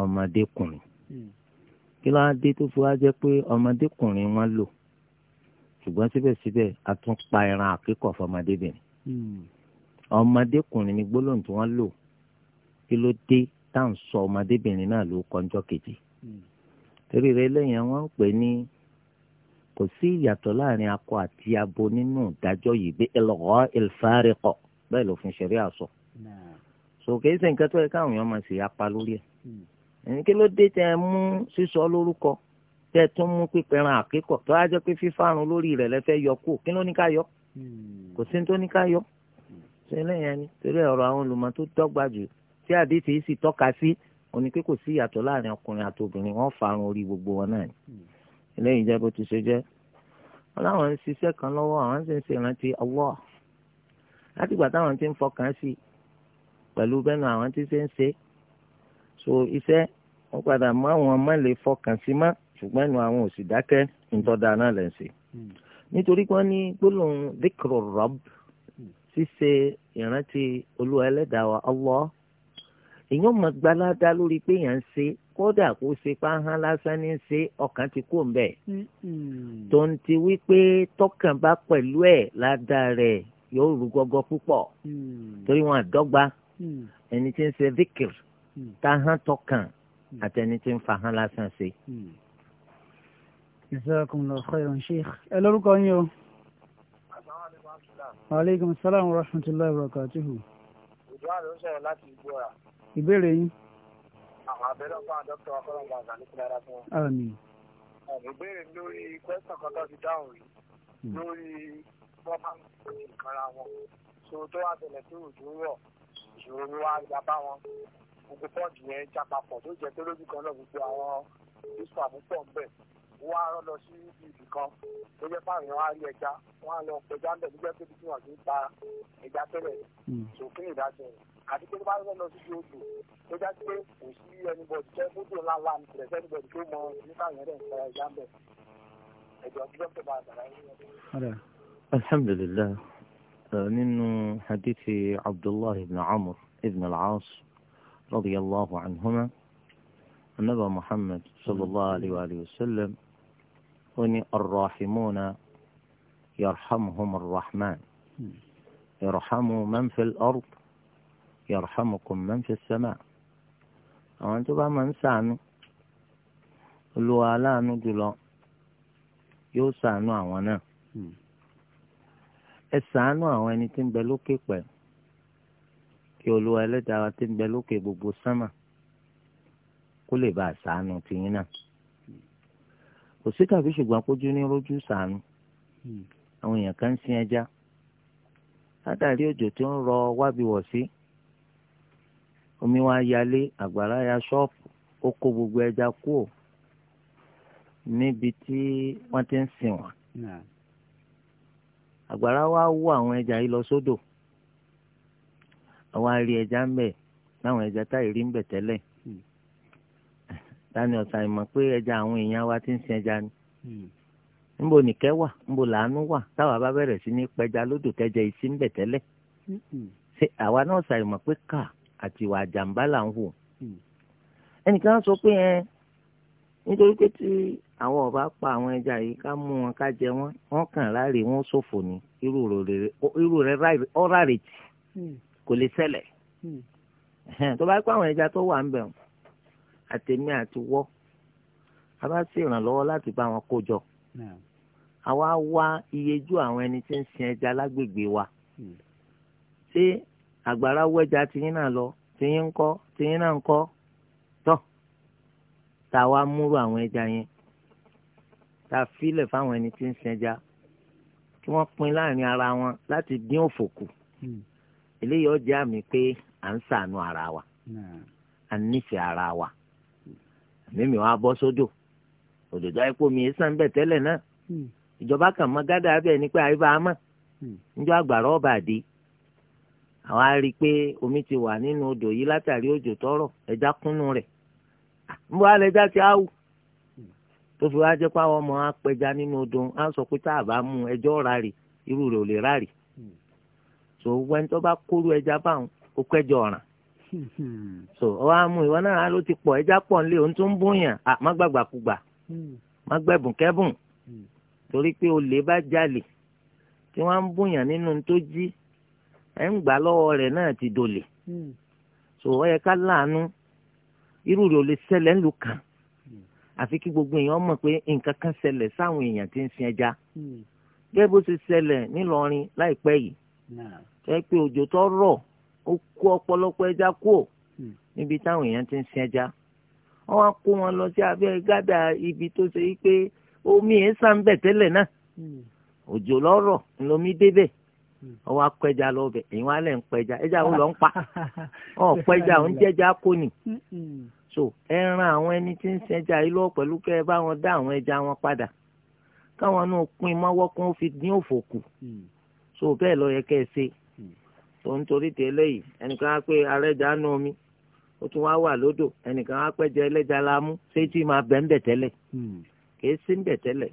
ọmọdékùnrin hmm. kí ló á dé tó fi wá jẹ́ pé ọmọdékùnrin wọn lò ṣùgbọ́n síbẹ̀síbẹ̀ a tún pa ẹran àkíkọ̀ fọmọdébìnrin hmm. ọmọdékùnrin ni gbólóhùn tí wọ́n lò kí ló dé tá sọ ọmọdébìnrin náà ló kọjọ́ kejì hmm. torí rẹ̀ lẹ́yìn àwọn pè ní kò sí ìyàtọ̀ láàrin akọ àti abo nínú ìdájọ́ yìí bí ẹlọ́gọ́ ìfárẹ́kọ̀ bẹ́ẹ̀ lòfin ṣẹ̀rí àṣọ. so kì í ṣe nǹkan tó yẹ káwọn èèyàn máa ṣe apá lórí ẹ̀. Hmm. ẹ̀yin kí ló dé tẹ́ ẹ mú sísọ lórúkọ tẹ́ ẹ tún mú pípẹ́ran àkíkọ̀ tó á jẹ́ pé fífárun lórí rẹ̀ lẹ́fẹ́ yọ kù kí ló ní ká yọ. Hmm. kò sí tó ní ká yọ. Hmm. ṣe lẹ́yìn ẹni torí ọ̀rọ̀ àwọn olùmọ̀ tó dọ́gba jù tí àdìsí sì tọ́ka sí òní pé kò sí ìyàtọ̀ láàrin ọkùnrin àti obìnrin wọ́n farun orí gbogbo wọn náà ni eléyìí jẹ́ bó ti ṣe jẹ́ wọn láwọn ń ṣiṣẹ́ kan lọ́wọ́ àwọn sì ń ṣèrántí Allah láti gbà táwọn ti ń fọkàn sí pẹ̀lú bẹ́nu àwọn ti ṣe ń ṣe so iṣẹ́ wọn padà mọ àwọn má lè fọkàn sí mọ́ ṣùgbọ́n inú àwọn ò sì dákẹ́ ntọ́da náà lẹ̀ ń ṣe nítorí pé wọ́n ní gbólóhùn dhikru ṣíṣe ìrántí olúwa ẹlẹ́dàá wa Allah èèyàn máa gbalada lórí pé èèyàn ń ṣe kódà kó ṣe páhán lásán ní ṣe ọkàn ti kó mbẹ. tó ń ti wí pé tọkàn bá pẹ̀lú ẹ̀ ládàá rẹ̀ yóò rú gọ́gọ́ púpọ̀ mm. torí wọn àdọ́gba mm. ẹni tí ń ṣe vikir mm. táhán tọkàn àtẹni tí ń fahán lásán ṣe. jazakumullahu khairan sheikh ẹ lórúkọ yín o. wa salaam wa rahmatulahi wa barakatuhu. ìjọ àlọ́ sọ̀rọ̀ láti ìgbọ́ra ìbéèrè yín. àwọn abẹ́rẹ́ fún àwọn dókítà ọkọ̀lọ́gbọ̀n àgbà ní kílára fún wọn. àmín. ìbéèrè lórí kwẹ́sàn kan tó ti dáhùn rí hmm. lórí wọ́n máa ń pè é kanra wọn so tó wá tẹ̀lẹ̀ tó òjò rọ̀ ìṣòro ni wàá gba bá wọn gbogbo pọ́ọ̀dù yẹn jápapọ̀ tó jẹ́ pé lójú kan náà gbogbo àwọn ìṣòwò àpòpọ̀ ń bẹ̀ wọ́n á lọ sí ibì kan tó jẹ́ fáwọn èèyàn á rí ẹja wọ́n á lọ pẹja ń bẹ̀ tó jẹ́ pé bí wọ́n ti ń ta ẹja tẹ́lẹ̀ sòfin ìdájọ́ rẹ̀ àti pé tó bá lọ sí ibi odò tó já sí pé kò sí ẹnibọ̀dì tẹ́ fótó ńlá ńlá ní tẹ̀lẹ̀ sẹ́nibọ̀dì tó mọ nípa ìyẹn rẹ̀ ń ta ẹja ń bẹ̀ ẹ̀jọ̀ kí dókítà bá àgbàrá yẹn. alhamdulillah nínú hadithi abdullahi ibn amr ibn al-aas radiyallahu anhuma. النبي محمد صلى الله عليه وآله وسلم ó ní arrahimuna yarhamuhum arrahman hmm. yarhamu man fil ard yarhamukum man fis sama àwọn tó bá máa ń ṣàánú olùwà aláàánú jùlọ yóò ṣàánú àwọn náà hmm. ẹ ṣàánú àwọn ẹni tí ń bẹ lókè pẹ kí olùwà ẹlẹ́dàá tí ń bẹ lókè gbogbo sánmà kó lè bá a ṣàánú tìyín náà kò sí tàbí ṣùgbọ́n kójú ní rojú sànù hmm. àwọn èèyàn kan ń sin ẹja látàrí òjò tó ń rọ wábi wọ̀ sí omi wa yalé àgbàrá ya ṣọ́ọ̀pù ó kó gbogbo ẹja kúò níbi tí wọ́n ti ń sìn wọ́n àgbàrá wa wó àwọn ẹja yìí lọ sódò àwọn arí ẹja ń bẹ láwọn ẹja táyì rí ń bẹ tẹ́lẹ̀ tani ọ̀sán ìmọ̀ pé ẹja àwọn èèyàn wa ti ń sin ẹja ni hmm. níbo nìkẹ́ wà níbo làánú wà táwa bá bẹ̀rẹ̀ sí ní pẹja lódò tẹ́jẹ ìsí ń bẹ̀ tẹ́lẹ̀ hmm. ṣe àwa náà ṣàìmọ̀ pé kà àti ìwà àjàmbá là ń wò hmm. ẹnìkan sọ pé ẹ nítorí pé tí àwọn ọba pa àwọn ẹja yìí ká mú wọn ká jẹ wọn wọn kàn láre wọn ṣòfò ní irú rẹ ọ̀rá rètí kò lè ṣẹlẹ̀ tó bá pẹ́ àwọn ẹja tó wà ń bẹ̀ àtẹ̀mí àti wọ́ a bá sì ìrànlọ́wọ́ láti bá wọn kó jọ àwa wá iyejú àwọn ẹni tí ń sin ẹja lágbègbè wa hmm. ṣé àgbàrá wẹ́jà tiyín náà lọ tiyín ń kọ́ tiyín náà ń kọ́ tọ́ tá a wá múrò àwọn ẹja yẹn tá a filẹ̀ fáwọn ẹni tí ń sin ẹja kí wọ́n pín láàrin ara wọn láti dín òfò kù hmm. eléyìí ó jẹ́ àmì pé à ń ṣàánú ara wa à ń nífẹ̀ẹ́ ara wa. Mm mímì wàá bọ́ sódò òdò tó ayé pómi yẹn sàn bẹ́ẹ̀ tẹ́lẹ̀ náà hmm. ìjọba kan mọ gádà abẹ́ ni pé àyíbá a mọ̀ hmm. níjọ́ àgbàrá ọba àdé àwọn á rí i omi ti wà nínú odò yìí látàrí òjò tọrọ ẹja kúnnú rẹ̀ ń ti á hmm. tó fi wá jẹ́ pé àwọn ọmọ apẹja nínú odò á sọ pé tá a bá mú ẹjọ́ rárì irú rẹ̀ ò lè tó wẹ́n tó bá ẹja báwọn ó kẹ́jọ ọ̀ràn so ọwọ́ amú ìwọ náà ló ti pọ̀ ẹja pọ̀ nílé òun tó ń bóyàn à má gbàgbà kúgbà má gbẹ̀bùn kẹ́bùn torí pé olè bá jalè tí wọ́n ń bóyàn nínú tó jí ẹ̀ ń gbà lọ́wọ́ rẹ̀ náà ti dolè so ọ yẹ ká láàánú irú rẹ̀ ò lè ṣẹlẹ̀ ńlù kan àfi kí gbogbo èèyàn mọ̀ pé nǹkan kan ṣẹlẹ̀ sáwọn èèyàn tí ń sin ẹja gẹ́gẹ́ bó ṣe ṣẹlẹ̀ nílọrin láìpẹ́ yìí ṣe pé òjò tó rọ̀ ó kó ọ̀pọ̀lọpọ̀ ẹja kúò hmm. níbi táwọn èèyàn ti ń sin ẹja wọ́n wá kó wọn lọ sí abẹ́ gádà ibi tó ṣe wípé omi ẹ̀ sàn bẹ̀ tẹ́lẹ̀ náà hmm. òjò lọ́rọ̀ ńlọmi débẹ̀ ọwọ́ hmm. apẹja lọ́bẹ̀ èyí wọn alẹ́ ń pẹja ẹja wọn lọ ń pa ọ pẹja ń jẹja kò ní. so ẹran àwọn ẹni tí ń sẹja yìí lọ pẹ̀lú kẹ́ ẹ bá wọn dá àwọn ẹja wọn padà káwọn náà pín mọ́wọ́ kí wọ́n fi dín òfò kù so bẹ́ẹ̀ lọ yẹ kẹ́ ẹ ṣe tó ń torí tẹ eléyìí ẹnìkan á pé arẹ́jà nú omi ó tún wá wà lódò ẹnìkan á pẹ́jẹ ẹlẹ́jà la mú ṣé tí máa bẹ̀ ń bẹ̀ tẹ́lẹ̀ hmm. kìí sí ń bẹ̀ tẹ́lẹ̀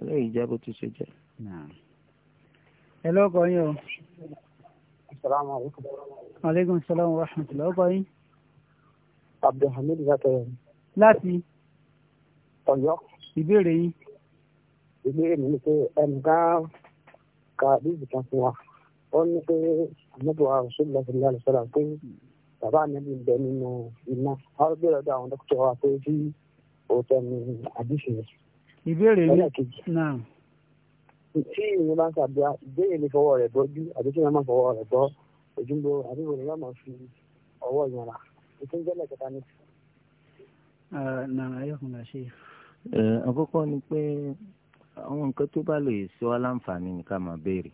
eléyìí jẹ́ bó ti ṣe jẹ́. ẹ lọ́kọ̀ yín o. salaamaleykum. salaam wa rahmatulah ọkọ yín. abdulhamid zakari. láti. ọ̀yọ́. ìbéèrè yín. ìbéèrè mi ni pé ẹnì kan ka fún wa ó ní pé àmọ́tò àrùsùn lọ́sọ̀lá lọ́sọ̀lá pé bàbá ànábì ń bẹ nínú iná àwọn ọgbẹ́ ọ̀dọ̀ àwọn dókítà wa pé kí òótọ́ ni àdìsí rẹ̀. ìbéèrè mi náà. tí ìyẹn bá ń sàdúrà ìbéèrè ní fọwọ́ rẹ̀ bọ́jú àbí kí wọ́n máa fọwọ́ rẹ̀ bọ́ ojúbọ àbí wọ́n yóò máa fi ọwọ́ yẹn ra ìtúnjẹ́lẹ̀ kẹta ní. nàrà ayọ̀kùn là ṣe. àkọ́kọ́ ni pé àwọn nǹkan tó bá lè ṣe ni ká máa béèrè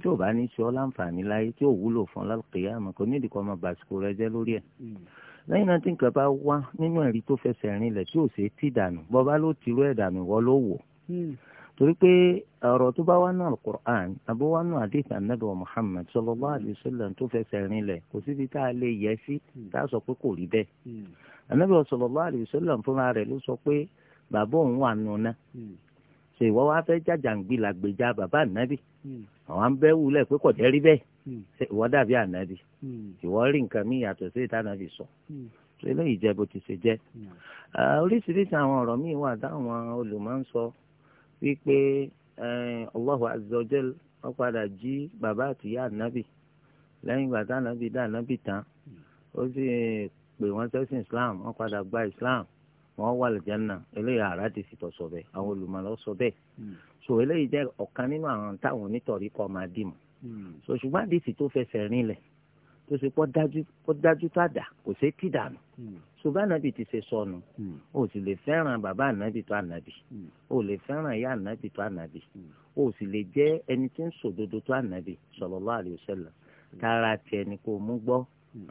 tí ò bá ní ṣe ọ́ láǹfààní láyé tí ò wúlò fún lálùkìyàmọ̀ kò ní ìdíkọ́ ọmọ bàṣìkò rẹ jẹ́ lórí ẹ̀. Hmm. lẹ́yìn náà tí nǹkan bá wá nínú ẹ̀rí tó fẹsẹ̀ rinlẹ̀ tí ò ṣe tí dànù bọ́bá ló ti rú ẹ̀ dànù wọ́ ló wò. Hmm. torí pé ọ̀rọ̀ tó bá wá náà alukur'an àbí wá náà hadith anabi wa muhammad sallallahu alayhi wa sallam tó fẹsẹ̀ rinlẹ̀ kò síbi tá a lè yẹ sí hmm. tá a sọ pé kò rí bẹ́ẹ̀. anabi wa sallallahu alayhi wa sallam fúnra rẹ̀ ló sọ pé bàbá òun wà nù náà ṣèwọ́ wá fẹ́ jàjàngbìlà gbèjà bàbá ànábì àwọn ń bẹ́ wúlẹ̀ pé kò tẹ́ rí bẹ́ẹ̀ hmm. ìwọ dàbí ànábì hmm. ìwọ rí nǹkan míì yàtọ̀ sí ìtànàbì sọ hmm. eléyìí jẹ bó ti ṣe jẹ oríṣiríṣi àwọn ọ̀rọ̀ míì wà táwọn olùmọ̀ wípé Allahu azza wa jal wọ́n padà jí bàbá àtìyá ànábì lẹ́yìn ìgbà tá ànábì dá ànábì tán ó sì pè wọ́n sẹ́sìn Islam wọ́n padà gba Islam wọ́n wà lẹ́jẹ̀ náà eléyìí àrà ti fìtọ̀ sọ bẹ́ẹ̀ àwọn olùmọ̀ bẹ́ẹ̀ so eléyìí jẹ́ ọ̀kan nínú àwọn táwọn onítọ̀rí kọ́ máa dì hmm. so ṣùgbọ́n àdìsí tó fẹsẹ̀ rinlẹ̀ tó ṣe pọ́ dájú pọ́ dájú tó àdá kò ṣe tí dànù ṣùgbọ́n hmm. ànábì ti ṣe sọnù hmm. o sì lè fẹ́ràn bàbá ànábì tó ànábì o lè fẹ́ràn ìyá ànábì tó ànábì o sì lè jẹ́ ẹni tí ń sòdodo tó ànábì sallallahu alaihi wasallam tààrà ni kò mú gbọ́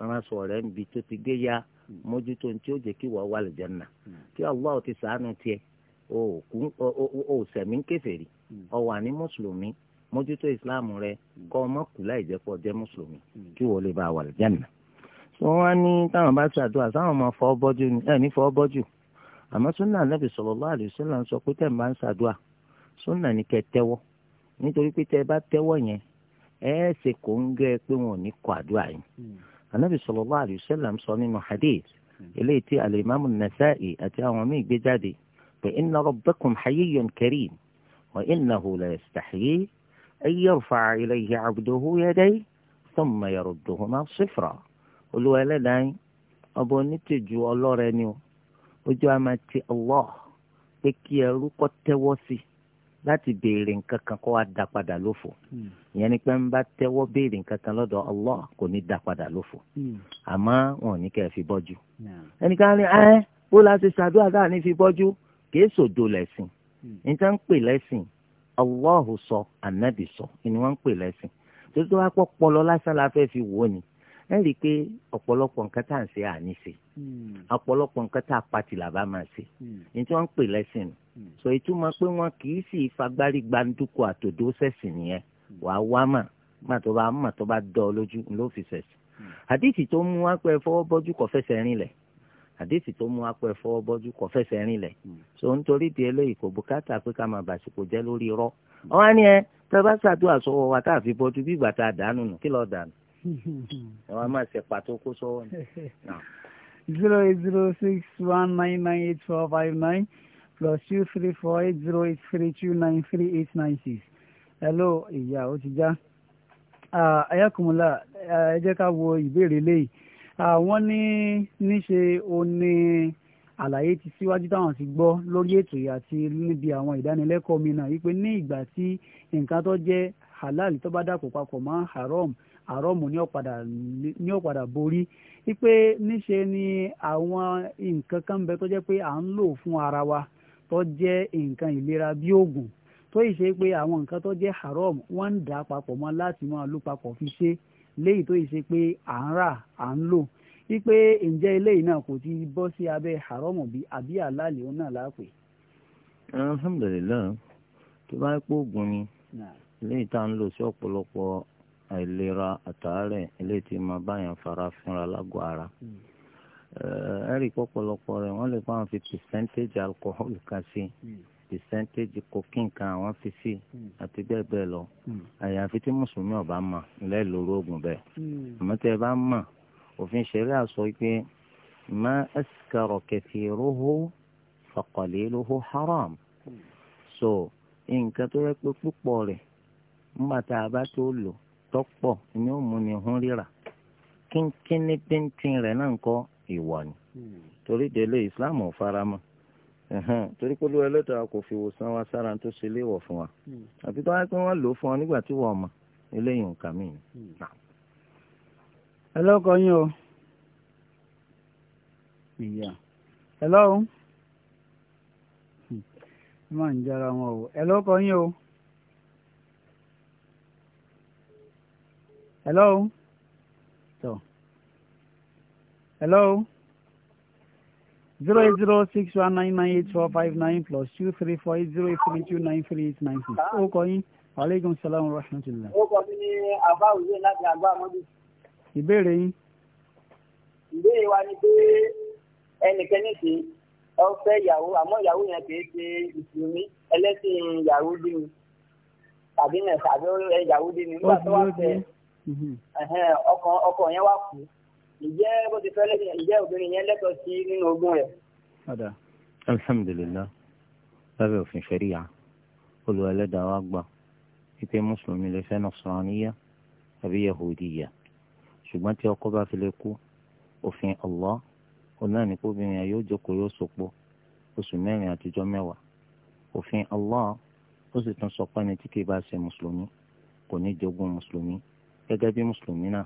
ránṣọ rẹ̀ ń bi tó ti gé ya mójútó ní tí ó jẹ́ kí wọ́n wà lè nà kí Allah ti ṣàánú tiẹ̀ o sẹ̀mí kèfèrí ọ hmm. wà ní mùsùlùmí mójútó islam rẹ kọ́ ọmọ kù láì jẹ́ pọ̀ jẹ́ mùsùlùmí hmm. kí wọ́n lè bá wà lẹ́jẹ̀nà. wọ́n wá ní táwọn bá ṣàdúrà sáwọn ọmọ fọ́ bọ́jú ẹ̀ ní fọ́ bọ́jú àmọ́ súnà nàbì sallallahu alaihi wasallam sọ pé tẹ̀ ń bá ń ṣàdúrà súnà ní kẹ́ tẹ́wọ́ nítorí pé tẹ́ bá tẹ́wọ́ yẹn ẹ ẹ́ ṣe kò ń gẹ́ pé wọn ò ní kọ àdúrà yẹn. Hmm. ànábì sallallahu alaihi wasallam sọ nínú hadith eléyìí tí al nasai àti àwọn míì gbé jáde فإن ربكم حيي كريم وإنه لا يستحيي أن يرفع إليه عبده يديه ثم يردهما صفرا Olúwa Ẹlẹ́dàá ọba onítìjú ọlọ́rẹ ni o ojú a máa ti Allah pé kí ẹrú kọ́ tẹ́wọ́ sí láti béèrè nǹkan kan kó wá dá padà lófo ìyẹn ni pé ń bá tẹ́wọ́ béèrè nǹkan kan lọ́dọ̀ Allah kò ní dá padà lófo àmọ́ wọn ò ní kẹ́ ẹ fi bọ́jú ẹnìkan ní ẹ bó la ṣe ṣàdúrà dáa ní fi bọ́jú kìí sòdo lẹ́sìn hmm. níta ń pè lẹ́sìn Allahu sọ ànábì sọ ni wọ́n ń pè lẹ́sìn tó tó wá pọ̀ pọlọ lásán la fẹ́ fi wò ó ni ẹ rí i pé ọ̀pọ̀lọpọ̀ nǹkan tá à ń ṣe àní ṣe hmm. ọ̀pọ̀lọpọ̀ nǹkan tá a pati làbá máa ṣe hmm. ní tí wọ́n ń pè lẹ́sìn nù sọ ìtumọ̀ pé wọ́n kì í sì fagbárí gbandúkọ àtòdó sẹ̀sìn nìyẹn wàá wá mà má tó bá mà tó bá dọ́ ọ lójú ló àdéhìí tó mú apẹ fọwọ́ bọ́jú kọ fẹsẹ̀ rinlẹ̀ hmm. so nítorí di eléyìí kò bùkátà pé ká máa bàṣìkò jẹ́ lórí irọ́ ọ̀hún á ní ẹ tẹ́lá ṣàdúrà sọ́wọ́ wa tá a fi bọ́jú bí ìgbà tá a dànù nù kí lọ́ọ́ dànù hmm. ẹ máa ṣe pàtó kó sọ́wọ́ ni. zero eight zero six one nine nine eight four five nine plus two three four eight zero eight three two nine three eight nine six hello ìyá ó ti já ah, ayakumula ẹ jẹ́ ká wo ìbéèrè léyìí wọ́n ní níṣe ó ní àlàyé ti síwájú táwọn ti gbọ́ lórí ètò yìí àti níbi àwọn ìdánilẹ́kọ̀ọ́ mi náà wípé ní ìgbà tí nǹkan tó jẹ́ halal tó bá dàpọ̀ papọ̀ mọ́ haram haram ni ó padà ni ó padà borí wípé níṣe ni àwọn nǹkan kan bẹ tó jẹ́ pé à ń lò fún ara wa tó jẹ́ nǹkan ìlera bí oògùn tó ì ṣe pé àwọn nǹkan tó jẹ́ haram wọ́n ń dà papọ̀ mọ́ láti máa lù papọ̀ fi ṣe é léyìí tó yìí ṣe pé à ń rà à ń lò wípé ǹjẹ́ eléyìí náà kò ti bọ́ sí abẹ́ haramu bí àbí àlàlì òun náà lápè. alhamdulilayi tó bá pọ̀ oògùn ni léyìí tá à ń lò sí ọ̀pọ̀lọpọ̀ àìlera àtàárẹ̀ eléyìí tí máa báyàn fara fúnra lágọ̀ ara hmm. ẹ̀rí pọ̀pọ̀lọpọ̀ rẹ̀ wọ́n lè fáwọn fi percentage alcohol kan sí. Mm percentage cocaine kan àwọn fi sí hmm. àti bẹ́ẹ̀ bẹ́ẹ̀ lọ hmm. àyàfi tí mùsùlùmí ọba mọ̀ lẹ́ẹ̀lóró oògùn bẹ́ẹ̀ hmm. àmọ́ tẹ́ ẹ bá mọ̀ òfin ṣẹlẹ̀ àṣọ pé má askara kathiruhu faqaliluhu haram so nǹkan tó yẹ pé púpọ̀ rẹ̀ nígbà tá a bá tó lò tọ́pọ̀ ni ó mú ni hún ríra kínkínní pínpín rẹ̀ náà ń kọ́ ìwọ̀ ni torí délé Islam ò faramọ́ torí pé olúwa ẹlẹ́tọ̀ kò fi ìwòsàn wa sára tó ṣe léèwọ̀ fún wa hmm. àbí tó wáyé pé wọ́n lò ó fún ọ nígbà tí wọ́n mọ̀ eléyìí nǹkan mi. Hmm. hello kò yín o. hello o. ẹ hmm. máa ń jára wọn o. hello kò yín o. hello. hello. hello zero eight zero six one nine nine eight four five nine plus two three four eight zero eight three two nine three eight nine six. Ah. ó kọ yín aleykum salaam wa rahmatulah. ó kọ sí ní àbá òwe láti àgbà àmọ́dù. ìbéèrè yín. ìbéèrè wa ni pé ẹnikẹ́ni sí ó fẹ́ ìyàwó àmọ́ ìyàwó yẹn kì í ṣe ìsinmi ẹlẹ́sìn ìyàwó bí mi tàbí nẹ̀ tàbí bí mi nígbà tó wà fẹ́ ọkàn mhm. ọkàn yẹn wà kú ǹjẹ́ bó ti fẹ́ lẹ́sìn ǹjẹ́ obìnrin yẹn lẹ́tọ̀ọ́ sí nínú ogún rẹ̀. padà alhamdulillah lábẹ́ òfin ṣẹ̀ríya olùwẹ̀lẹ́dàá wa gbà wípé mùsùlùmí lè fẹ́ nasraniya àbí yahudiya ṣùgbọ́n tí ọkọ bá fi lè kú òfin Allah òun náà ní kó obìnrin yẹn yóò jókòó yóò sopọ̀ oṣù mẹ́rin àtijọ́ mẹ́wàá òfin Allah ó sì tún sọ pé ẹni tí kì í bá ṣe mùsùlùmí kò ní jogún mùsùlùmí gẹ́gẹ́ bí mùsùlùmí náà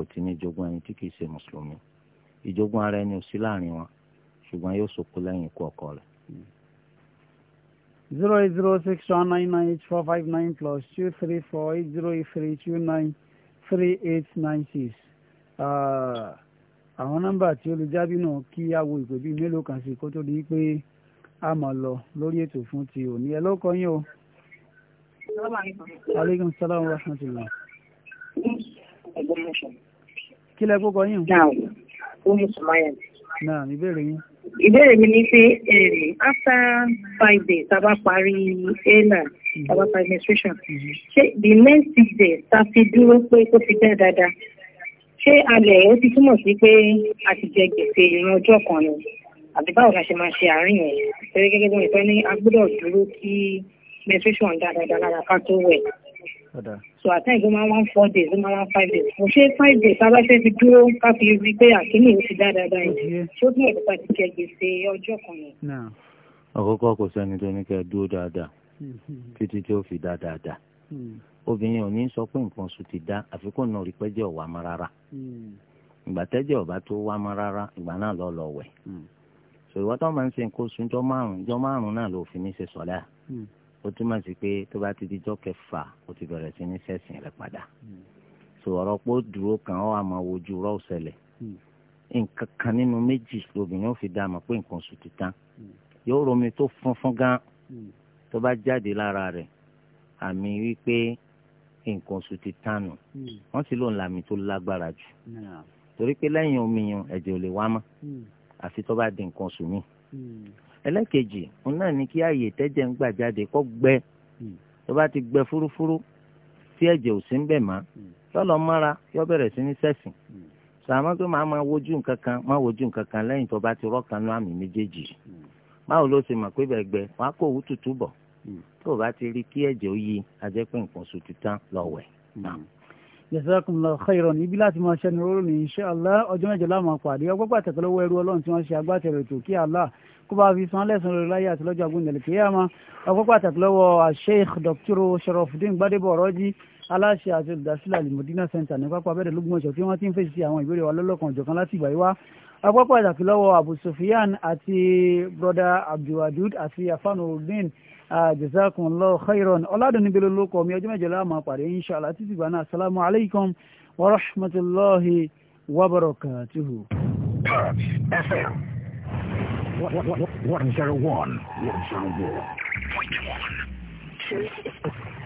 kò tí ní jogún ẹni tí kìí ṣe mùsùlùmí ìjogún ara ẹni ò sí láàrin wọn ṣùgbọ́n yóò ṣòkú lẹ́yìn ikú ọkọ rẹ̀. zero eight zero six one nine nine eight four five nine plus two three four eight zero eight three two nine three eight nine six ah, àwọn nọ́mbà tí olùjábí náà kí á wo ìpè bíi mélòó kan sí kó tó di pé a máa lọ lórí ètò fún ti òní ẹ ló yín o. aleykum salaam wa rahmatulah kí lẹ gbọ́kọ yín. náà ìbéèrè yín. ìbéèrè mi ni pé eh, after five days tá parí ena mhm. tá parí menstruation mhm. ṣé the next six days tá dúró pé kó fi bẹ́ẹ̀ dáadáa ṣé alẹ̀ ó ti túmọ̀ sí pé a ti jẹ gbèsè ìran ọjọ́ kan ni àbí báwo la ṣe máa ṣe àárín yẹn torí gẹ́gẹ́ bí mo fẹ́ ní a dúró kí menstruation dáadáa lára ká tó wẹ̀. so at times ó máa four days ó máa five days we say five days abáṣẹ́ fi dúró ká fi rí i you àkínní ò ti so dáadáa yìí ṣé ó kan tó ní ẹ dúró dáadáa mm-hmm. títí fi dá dáadáa mm. obìnrin ò ní sọ pé nǹkan oṣù ti dá àfikún náà rí pẹ́jẹ́ ọ̀wá mọ́ rárá mm. ìgbà tẹ́jẹ́ ọ̀bá tó wá mọ́ rárá ìgbà náà lọ wẹ̀ mm. tó máa ń nǹkan oṣù márùn-ún ó túmọ̀ sí pé tó bá ti di jọ́ kẹfà ó ti bẹ̀rẹ̀ sí ní sẹ́sìn rẹ̀ padà hmm. sọ̀rọ̀ pé ó dúró kan ó àmọ́ ojú rọ́ ṣẹlẹ̀ hmm. nǹkan kan nínú méjì lóbìnrin ó fi dá àmọ́ pé nǹkan oṣù ti tán hmm. yóò romi tó funfun gan tó bá jáde lára rẹ̀ àmì wípé nǹkan oṣù ti tán nù wọ́n sì lóun làmì tó lágbára jù torí pé lẹ́yìn omi yẹn ẹ̀jẹ̀ ò lè wá mọ́ àfi tó bá di nǹkan oṣù míì ẹlẹ́kejì òun náà ní kí ààyè tẹ́jẹ̀ ń gbà jáde kó gbẹ hmm. tó bá ti gbẹ fúrúfúrú tí ẹ̀jẹ̀ ò sí ń bẹ̀ mọ́ hmm. lọ́lọ́ mọ́ra yọ bẹ̀rẹ̀ sí ní sẹ́sìn hmm. sàmọ́ pé màá máa wojú nǹkan kan máa wojú nǹkan kan lẹ́yìn tó bá ti rọ́ọ̀kan àmì méjèèjì báwo ló ṣe mọ̀ pé bẹ́ẹ̀ gbẹ wàá kó òwú tútù bọ̀ tó bá ti rí kí ẹ̀jẹ̀ ó yí a nǹkan oṣù ti tán jazakumullahu khairan níbi láti máa ṣẹ́ni róró ní inṣàlá ọjọ́ mẹ́jọ láwọn pàdé ọgbọ́gbà tẹ̀tẹ̀lọ́wọ́ ẹrú ọlọ́run tí wọ́n ṣe agbátẹrù ètò kí Allah kó bá fi san lẹ́sàn lórí láyé àti lọ́jọ́ àgùndẹ̀lẹ̀ kíyàmá ọgbọ́gbà tẹ̀tẹ̀lọ́wọ́ Sheikh Dr. Sharafudin Gbadebo Ọ̀rọ́jì aláṣẹ àti olùdásílẹ̀ alimọ̀dínà center ní pápá abẹ́rẹ́ lógún ọ̀ṣọ́ tí wọ́n ti ń fèsì àwọn ìbéèrè wa lọ́lọ́kan ọ̀jọ̀kan láti ìgbà yìí wá apá pàtàkì lọ́wọ́ abu sufyan àti broda abdulwadud àti afanurudin jazakumullahu khairan ọ̀làdùnní bẹ́ẹ̀ ló kọ́ mi ọjọ́ mẹ́jọ láàmú àpàdé inshàlá títí gbaná asalaamu alaykum wa rahmatulahi wa barakatuhu. FM 101 101 point 1